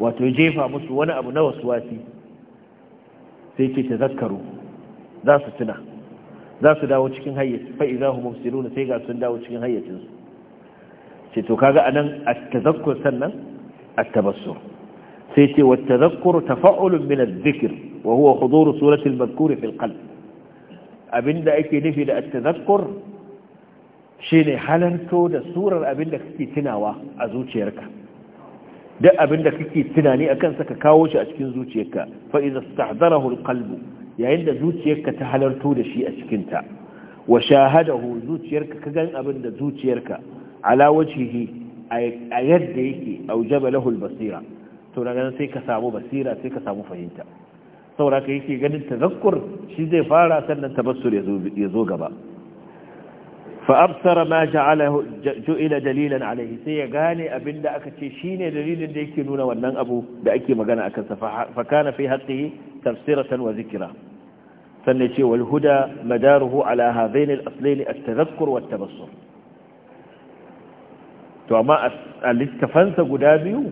wato jefa musu wani abu na waswasi sai ce tazakkaru za su tuna za su dawo cikin hayyaci fa idza hum mubsiruna sai ga sun dawo cikin hayyacin su ce to kaga anan at-tazakkur sannan at-tabassur sai ce wat-tazakkur tafa'ulun min adh-dhikr wa huwa huduru suratul mazkur fil qalb abinda ake nufi da at shine halanto da surar abinda kake tunawa a zuciyarka duk abinda kake tunani akan saka kawo shi a cikin zuciyarka fa idza istahdarahu al-qalb yayin da zuciyarka ta halarto da shi a cikin ta wa shahadahu zuciyarka ka gan abinda zuciyarka ala wajhihi a yadda yake aujaba lahu al-basira to daga sai ka samu basira sai ka samu fahimta sauraka yake ganin tazakkur shi zai fara sannan tabassur ya zo gaba fa’absara ma ja’ila dalilan alaihi sai ya gane abin da aka ce shi ne dalilin da yake nuna wannan abu da ake magana a kansa fakana fi hatsi tafsiratan wa zikira sannan ce walhuda madaruhu ala hazain al’aslaini a tazakkur wa tabassur to amma a littafansa guda biyu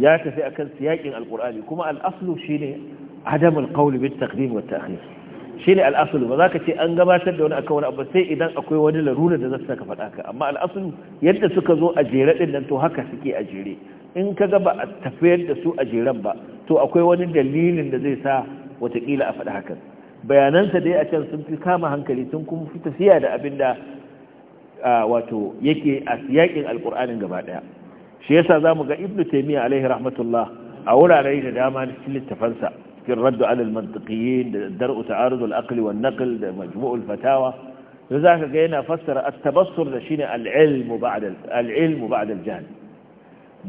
ya tafi akan siyakin alƙur'ani kuma al'aslu shi ne adamul qawl bil taqdim wa ta'khir shine al'asulu ba za ka ce an gabatar da wani akan wani abu sai idan akwai wani larura da zai saka fada ka amma al'asulu yadda suka zo a jere din nan to haka suke a jere in ka ga ba a tafiyar da su a jeren ba to akwai wani dalilin da zai sa watakila a faɗi hakan bayanansa dai a can sun fi kama hankali tun kuma fi tafiya da abin da wato yake a yakin alƙur'anin gaba ɗaya shi yasa za mu ga ibnu taimiyya alaihi rahmatullah a wurare da dama cikin littafansa cikin raddu alal mantiqiyin da dar'u ta'arud al-aql wa an da majmu' fatawa da zaka ga yana fassara at-tabassur da shine al-ilm ba'da al-ilm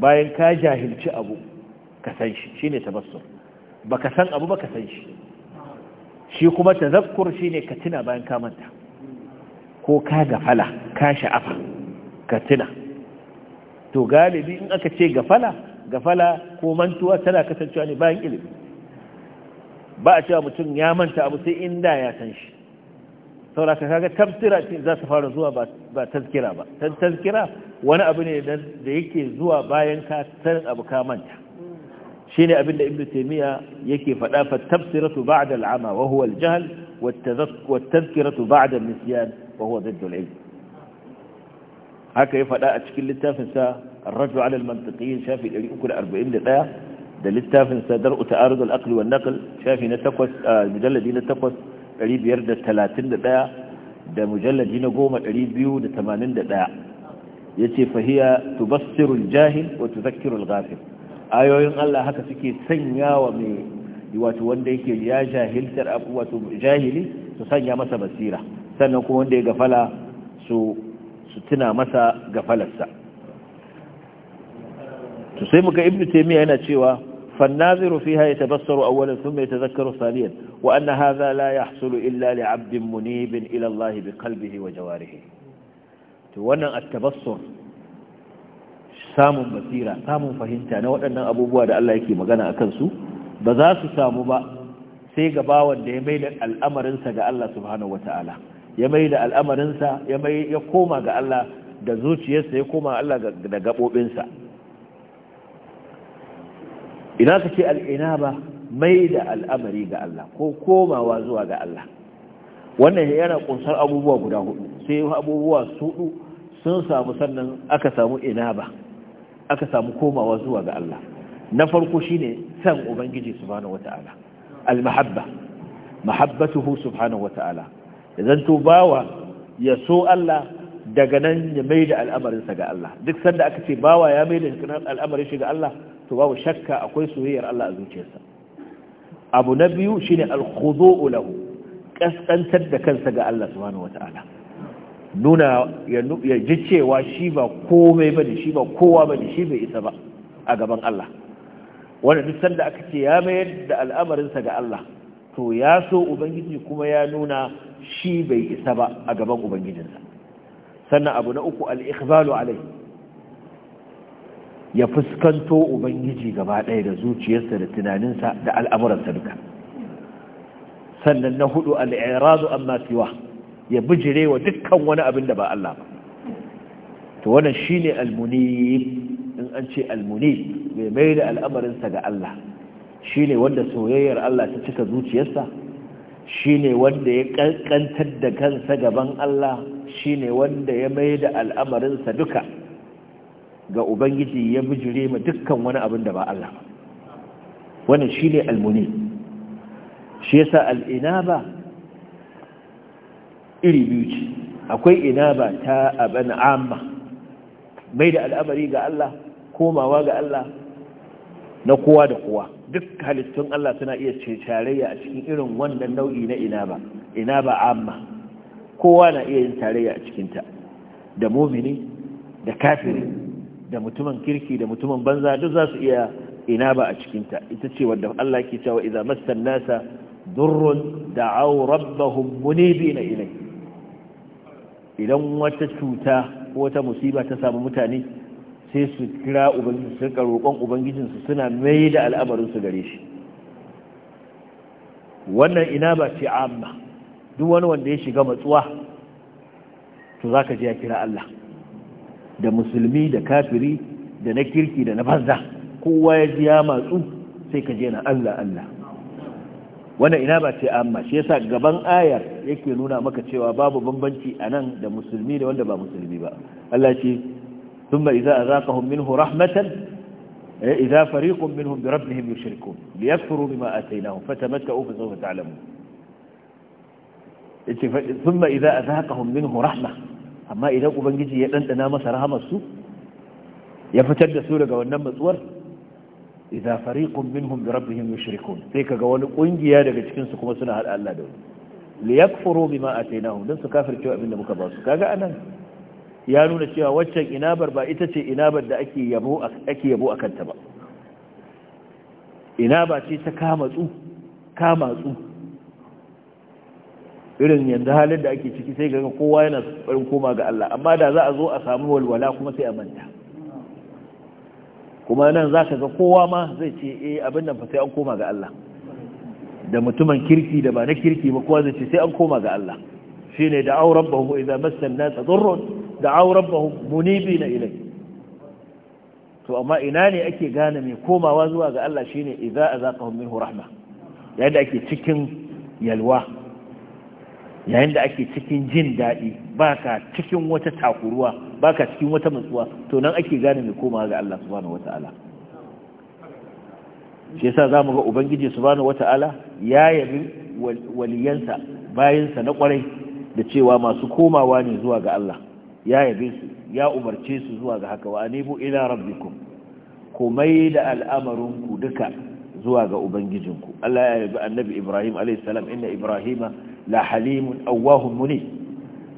bayan ka jahilci abu ka san shi shine tabassur baka san abu baka san shi shi kuma tazakkur shine ka tuna bayan ka manta ko ka gafala ka sha'afa to galibi in aka ce gafala gafala ko mantuwa tana kasancewa bayan ilimi ba a cewa mutum ya manta abu sai inda ya san shi saboda kaga tafsira ce za su fara zuwa ba tazkira ba tan tazkira wani abu ne da yake zuwa bayan ka sanin abu ka manta shine abin da ibnu taymiya yake faɗa fa tafsiratu ba'da al'ama wa huwa al-jahl wa tazkiratu ba'da an-nisyan wa huwa ziddu al haka ya faɗa a cikin littafin sa الرجل على المنطقيين 341 da littafin sadar ta'arud al-aql wa naql shafi na 8 mujalladi na 8 531 da mujalladi na 10 281 yace fahiya tubassiru al-jahil wa tudhakkiru al-ghafil ayoyin Allah haka suke sanyawa mai wato wanda yake ya jahiltar abu wato jahili su sanya masa basira sannan kuma wanda ya gafala su su tuna masa gafalarsa to sai muka ibnu taymiya yana cewa فالناظر فيها يتبصر أولا ثم يتذكر ثانيا وأن هذا لا يحصل إلا لعبد منيب إلى الله بقلبه وجواره وانا التبصر samun basira samun fahimta na waɗannan abubuwa da Allah yake magana a kansu ba za su samu ba sai ga bawan da ya mai da al'amarinsa ga Allah subhanahu ta'ala, ya mai da al'amarinsa ya koma ga Allah da zuciyarsa ya koma Allah da gaɓoɓinsa ina ka ce al'inaba mai da al'amari ga Allah ko komawa zuwa ga Allah wannan yana kunsar abubuwa guda hudu sai abubuwa su sun samu sannan aka samu inaba aka samu komawa zuwa ga Allah na farko shine san ubangiji subhanahu wataala almahabba mahabbatuhu subhanahu wataala idan to bawa ya so Allah daga nan ya maida al'amarinsa ga Allah duk sanda aka ce bawa ya maida al'amarin shi ga Allah to babu shakka akwai soyayyar Allah a zuciyarsa abu na biyu shine al-khudu'u lahu kaskantar da kansa ga Allah subhanahu wata'ala nuna ya ji cewa shi ba komai bane shi ba kowa bane shi bai isa ba a gaban Allah wanda duk sanda aka ce ya mayar da al'amarinsa ga Allah to ya so ubangiji kuma ya nuna shi bai isa ba a gaban ubangijinsa sannan abu na uku al-ikhbalu alayhi ya fuskanto ubangiji gaba ɗaya da zuciyarsa da tunaninsa da al'amuransa duka sannan na hudu al'irazu amma siwa ya bijire wa dukkan wani abin da ba Allah ba to wannan shine almunib in an ce almuni mai mai da al'amarinsa ga Allah shine wanda soyayyar Allah ta cika zuciyarsa shine wanda ya kankantar da kansa gaban Allah shine wanda ya mai da al'amarinsa duka ga ubangiji ya bijire ma dukkan wani abin da ba Allah wannan shine almuni shi yasa al'inaba iri biyu ce akwai inaba ta abin amma mai da al'amari ga Allah komawa ga Allah na kowa da kowa duk halittun Allah suna iya tarayya a cikin irin wannan nau'i na inaba inaba amma kowa na iya yin tarayya a cikinta da mumini da kafiri da mutumin kirki da mutumin banza duk za su iya ina ba a cikinta ita ce wadda Allah ke cewa idza massan nasa durrun da'aw rabbahum munibina ilai idan wata cuta ko wata musiba ta samu mutane sai su kira ubangiji su ka roƙon ubangijin su suna mai da al'amarin su gare shi wannan ina ba ce amma duk wani wanda ya shiga matsuwa to zaka je ya kira Allah da musulmi da kafiri da na kirki da na banza kowa ya ji ya matsu sai ka je na Allah Allah wannan ina ba ce amma shi yasa gaban ayar yake nuna maka cewa babu bambanci anan da musulmi da wanda ba musulmi ba Allah ce thumma idza azaqahum minhu rahmatan eh, idza fariqun minhum bi rabbihim yushrikun liyakfuru bima atainahum fatamatta'u fa sawfa ta'lamun yace thumma idza azaqahum minhu rahmatan amma idan ubangiji ya ɗanɗana masa rahamarsu ya fitar da su daga wannan matsuwar idan fariqun minhum bi rabbihim yushrikun sai kaga wani kungiya daga cikin su kuma suna hada Allah da wani li yakfuru bima atainahum dan su kafirce abin da muka ba su kaga anan ya nuna cewa waccan inabar ba ita ce inabar da ake yabo ake yabo akan ta ba inaba ce ta kama tsu kama tsu irin yanzu halin da ake ciki sai ga kowa yana tsarin koma ga Allah amma da za a zo a samu walwala kuma sai a manta kuma nan za ka ga kowa ma zai ce eh abin nan fa sai an koma ga Allah da mutumin kirki da ba na kirki ba kowa zai ce sai an koma ga Allah shine da auren bahu idan massa an-nas dhurrun da au rabbahum munibina ilayhi to amma ina ne ake gane mai komawa zuwa ga Allah shine idza azaqahum minhu rahma yadda ake cikin yalwa yayin da ake cikin jin daɗi ba ka cikin wata takuruwa ba ka cikin wata matsuwa to nan ake gane mai komawa ga Allah subhanahu wata'ala shi yasa za mu ga ubangiji subhanahu wata'ala ya yabi waliyansa bayansa na kwarai da cewa masu komawa ne zuwa ga Allah ya yabe su ya umarce su zuwa ga haka wa anibu ila rabbikum komai da ku duka zuwa ga ubangijinku Allah ya yabi annabi Ibrahim alayhi salam inna Ibrahima la halimun awwahun muni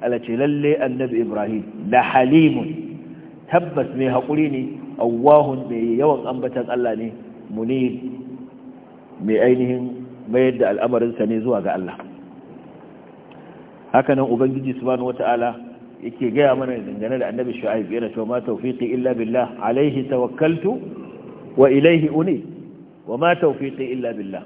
ala lalle annabi ibrahim la halimun tabbas mai haƙuri ne awwahun mai yawan ambatan Allah ne muni mai ainihin mayar da al'amarinsa ne zuwa ga Allah hakanan ubangiji subhanahu wata'ala yake gaya mana dangane da annabi shu'aib yana cewa ma tawfiqi illa billah alaihi tawakkaltu wa ilaihi uni wa ma tawfiqi illa billah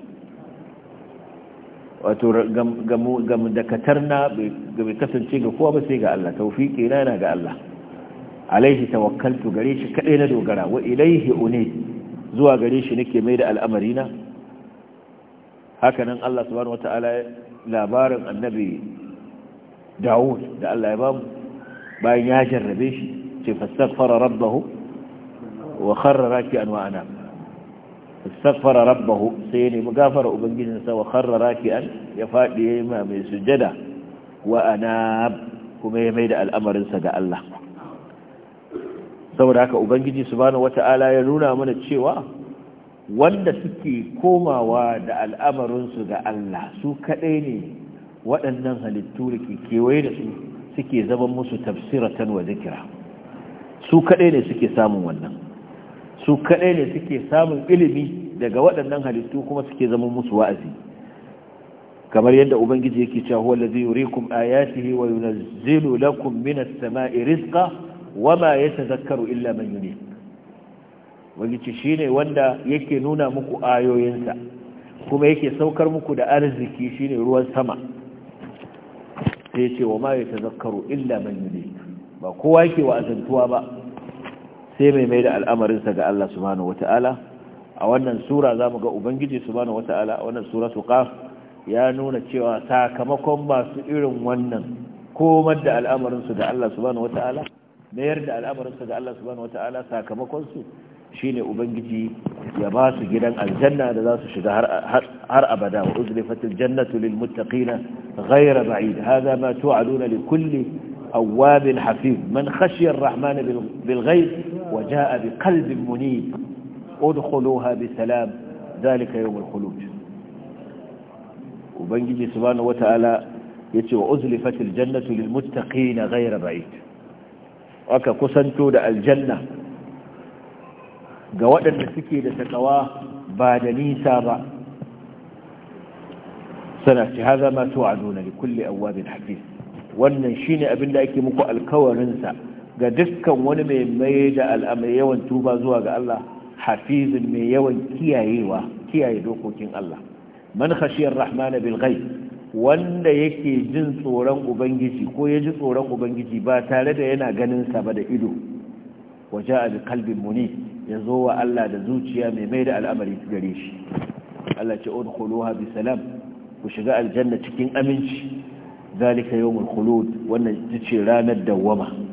wato gamu da katarna bai kasance ga kowa ba sai ga Allah tawfiki na yana ga Allah alaihi tawakkaltu gare shi kaɗai na dogara wa ilaihi une zuwa gare shi nake mai da al'amarina hakanan Allah subhanahu wata'ala labarin annabi Dawud da Allah ya bamu bayan ya jarrabe shi ce fastaghfara rabbahu wa kharra raki'an wa anama استغفر ربه سيني مغافر ya وخر راكئا يفادي ما من سجدا وأناب كما يميد الأمر ga allah saboda haka ubangiji subhanahu wata'ala ya nuna mana cewa wanda suke komawa da al'amarinsu ga Allah su kadai ne waɗannan halittu da ke kewaye da su suke zaman musu tafsiratan wa zikira su kaɗai ne suke samun wannan su kaɗai ne suke samun ilimi daga waɗannan halittu kuma suke zama musu wa'azi kamar yadda ubangiji yake cewa huwa allazi yuriikum ayatihi wa yunzilu lakum minas samaa'i rizqa wama yatazakkaru illa man yunib walice shine wanda yake nuna muku ayoyinsa kuma yake saukar muku da arziki shine ruwan sama sai ce wa ma yatazakkaru illa man yunib ba kowa yake wa'azantuwa ba sai mai mai da al'amarinsa ga Allah subhanahu wata'ala a wannan sura za mu ga ubangiji subhanahu wata'ala a wannan sura su ƙaf ya nuna cewa sakamakon masu irin wannan komar da al'amarinsu ga Allah subhanahu wata'ala mayar da al'amarinsu ga Allah subhanahu wata'ala sakamakonsu shine ubangiji ya ba su gidan aljanna da za su shiga har abada wa uzlifatil jannatu lil muttaqina ghayra ba'id hadha ma tu'aduna li kulli awwabin hafiz man khashiya ar-rahman bil ghayb وجاء بقلب منيب ادخلوها بسلام ذلك يوم الخلود وبنجي سبحانه وتعالى يتي وأزلفت الجنة للمتقين غير بعيد aka kusanto da aljanna ga waɗanda suke da takawa ba da nisa ba sana ce haza ma tu'aduna li kulli awabin hafiz wannan shine abin da ake muku alkawarinsa ga dukkan wani mai mai da al'amari yawan tuba zuwa ga Allah hafizin mai yawan kiyayewa kiyaye dokokin Allah man khashiyar rahmana bil ghaib wanda yake jin tsoron ubangiji ko ya ji tsoron ubangiji ba tare da yana ganin sa ba da ido waje a bi kalbin muni ya zo wa Allah da zuciya mai mai da al'amari gare shi Allah ce udkhuluha bi salam ku shiga aljanna cikin aminci zalika yawmul khulud wannan ce ranar dawwama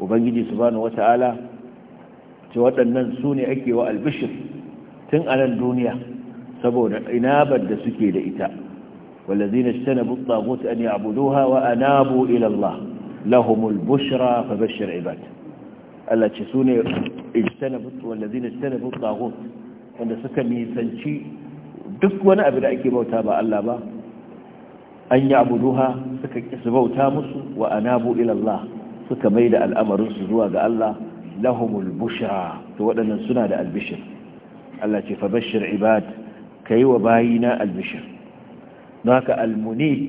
ubangiji su bani wata'ala ce waɗannan su ne ake tun a nan duniya saboda inabar da suke da ita wanda zina shi tana buɗa an yi abu wa a nabu ilallah lahumul fa bashir ibad Allah ce su ne wanda zina wanda suka nisanci duk wani abu da ake bauta ba Allah ba an yi abu duha suka ƙi su bauta musu wa anabu nabu ilallah suka mai da al'amarinsu zuwa ga Allah lahumul bushra to waɗannan suna da albishir Allah ce fa bashir ibad ka yi wa bayina albishir don haka almuni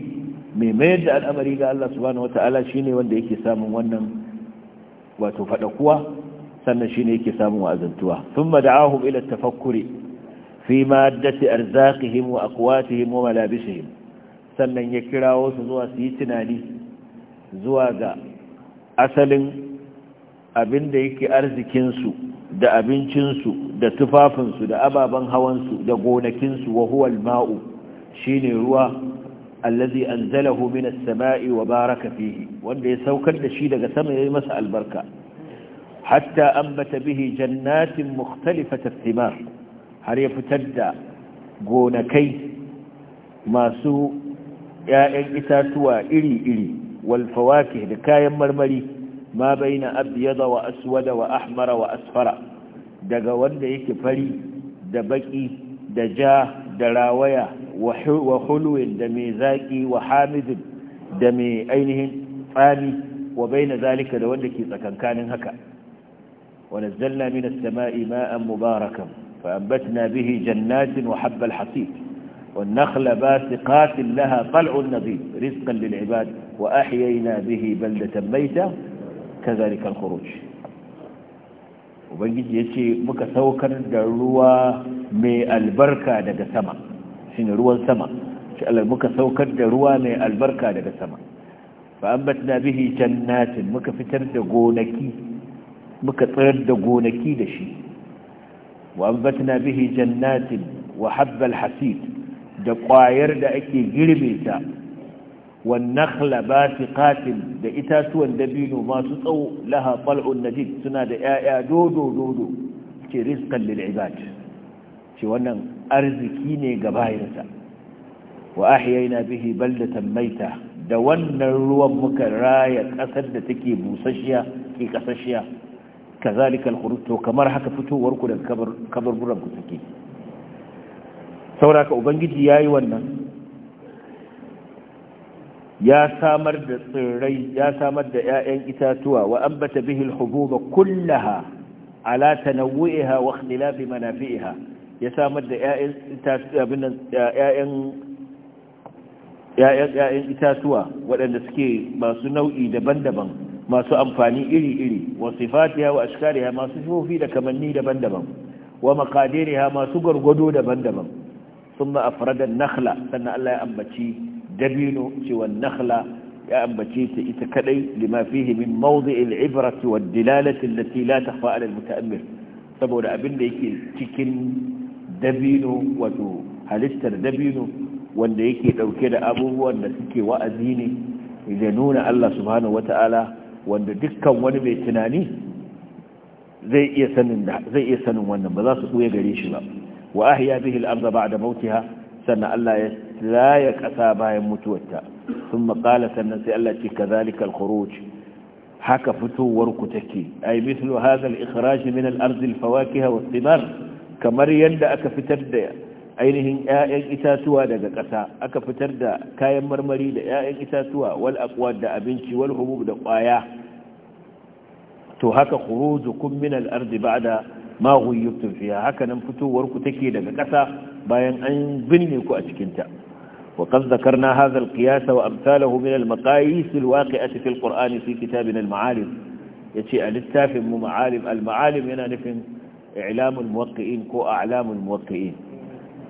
mai mayar da al'amari ga Allah subhanahu shi ne wanda yake samun wannan wato faɗa kuwa sannan shi ne yake samun wa'azantuwa sun mada'ahum ila tafakkuri fi maddati arzaqihim wa aqwatihim wa malabisihim sannan ya kirawo su zuwa su yi tunani zuwa ga asalin abin da yake arzikinsu da abincinsu da tufafinsu da ababen hawansu da gonakinsu wa huwal ma'u shine ruwa allazi anzalahu minas sama'i wa baraka fihi wanda ya saukar da shi daga sama yi masa albarka hatta an bata bihi jannatin mukhtalifat ath har ya fitar da gonakai masu 'ya'yan itatuwa iri-iri والفواكه لكايا مرمري ما بين أبيض وأسود وأحمر واصفر دقا وند فري دبكي دجا دراوية وحلو دمي زاكي وحامد دمي أينهن فاني وبين ذلك دوندكي سكن كان هكا ونزلنا من السماء ماء مباركا فأنبتنا به جنات وحب الحصيد والنخل باسقات لها طلع النظيم رزقا للعباد وأحيينا به بلدة ميتة كذلك الخروج ubangiji yace ce muka saukar da ruwa mai albarka daga sama shi ruwan sama muka saukar da ruwa mai albarka daga sama fa ambatna bihi jannatin muka fitar da gonaki muka tsayar da gonaki da shi wa ambatna bihi wa da kwayar da ake girbe ta والنخل باسقات da itatuwan dabino masu tsawo laha fal'un najid suna da 'ya'ya dodo dodo ce rizqan lil ce wannan arziki ne ga bayinsa wa ahyayna bihi baldatan maita da wannan ruwan muka raya kasar da take busasshiya ke kasashiya kazalika al-khuruj kamar haka fitowarku daga kaburburan ku saboda ka ubangiji yayi wannan ya samar da tsirrai ya samar da 'ya'yan itatuwa wa ambata bihi al-hububa kullaha ala tanawwu'iha wa ikhtilafi manafi'iha ya samar da 'ya'yan itatuwa itatuwa waɗanda suke masu nau'i daban-daban masu amfani iri-iri wa sifatiha wa ashkariha masu sifofi da kamanni daban-daban wa maqadiriha masu gwargwado daban-daban thumma afrada an-nakhla sannan Allah ya ambaci dabino cewa nakhla ya ambace ta ita kadai lima fihi min mawdi'il ibrati wad dilalati allati la takhfa 'ala al saboda abin da yake cikin dabino wato halittar dabino wanda yake dauke da abubuwan da suke wa'azi ne da nuna Allah subhanahu ta'ala wanda dukkan wani mai tunani zai iya sanin wannan ba za su koya gare shi ba wa ahya bihi al-ardh ba'da mautiha sannan Allah ya laya ƙasa bayan mutuwarta sun maƙala sannan sai Allah ce ka zalikal khuruj haka fitowarku take ai mislu hadha al-ikhraj min al-ard al-fawakiha thimar kamar yanda aka fitar da ainihin ƴaƴan itatuwa daga ƙasa aka fitar da kayan marmari da ƴaƴan itatuwa wal aqwad da abinci wal hubub da ƙwaya to haka khurujukum min al-ard ba'da ma ghayyibtum fiha haka nan fitowarku take daga ƙasa bayan an binne ku a cikinta. ta وقد ذكرنا هذا القياس وأمثاله من المقاييس الواقعة في القرآن في كتابنا المعالم يتي الاتاف معالم المعالم هنا نفهم إعلام الموقئين كو أعلام الموقئين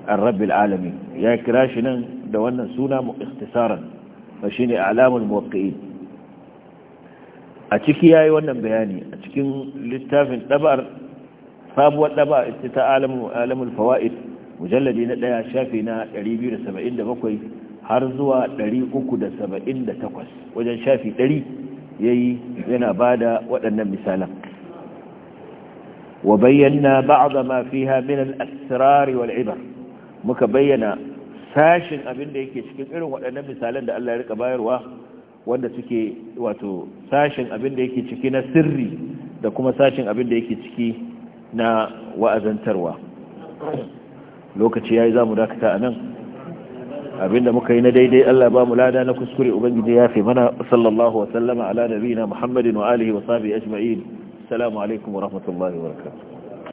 الرب العالمين يا كراشنا دولنا سونا اختصارا فشيني أعلام الموقئين أتكي يا أيوانا بياني أتكي الاتاف الدبر فابوة دبر استتاء أعلم الفوائد mujalladi na ɗaya shafi na 277 har zuwa 378 wajen shafi 100 ya yi yana ba bada waɗannan misalan wa bayyana ba'da ma fiha min al-asrar wal muka bayyana sashin abin da yake cikin irin waɗannan misalan da Allah ya rika bayarwa wanda suke wato sashin abin da yake ciki na sirri da kuma sashin abin da yake ciki na wa'azantarwa lokaci ya za zamu dakata a abin abinda muka yi na daidai Allah ba mu lada na kuskure ubangiji ya fi mana sallallahu wa sallama ala nabiyina Muhammadin wa alihi wa sahbihi ajma'in assalamu alaikum wa rahmatullahi wa barakatuh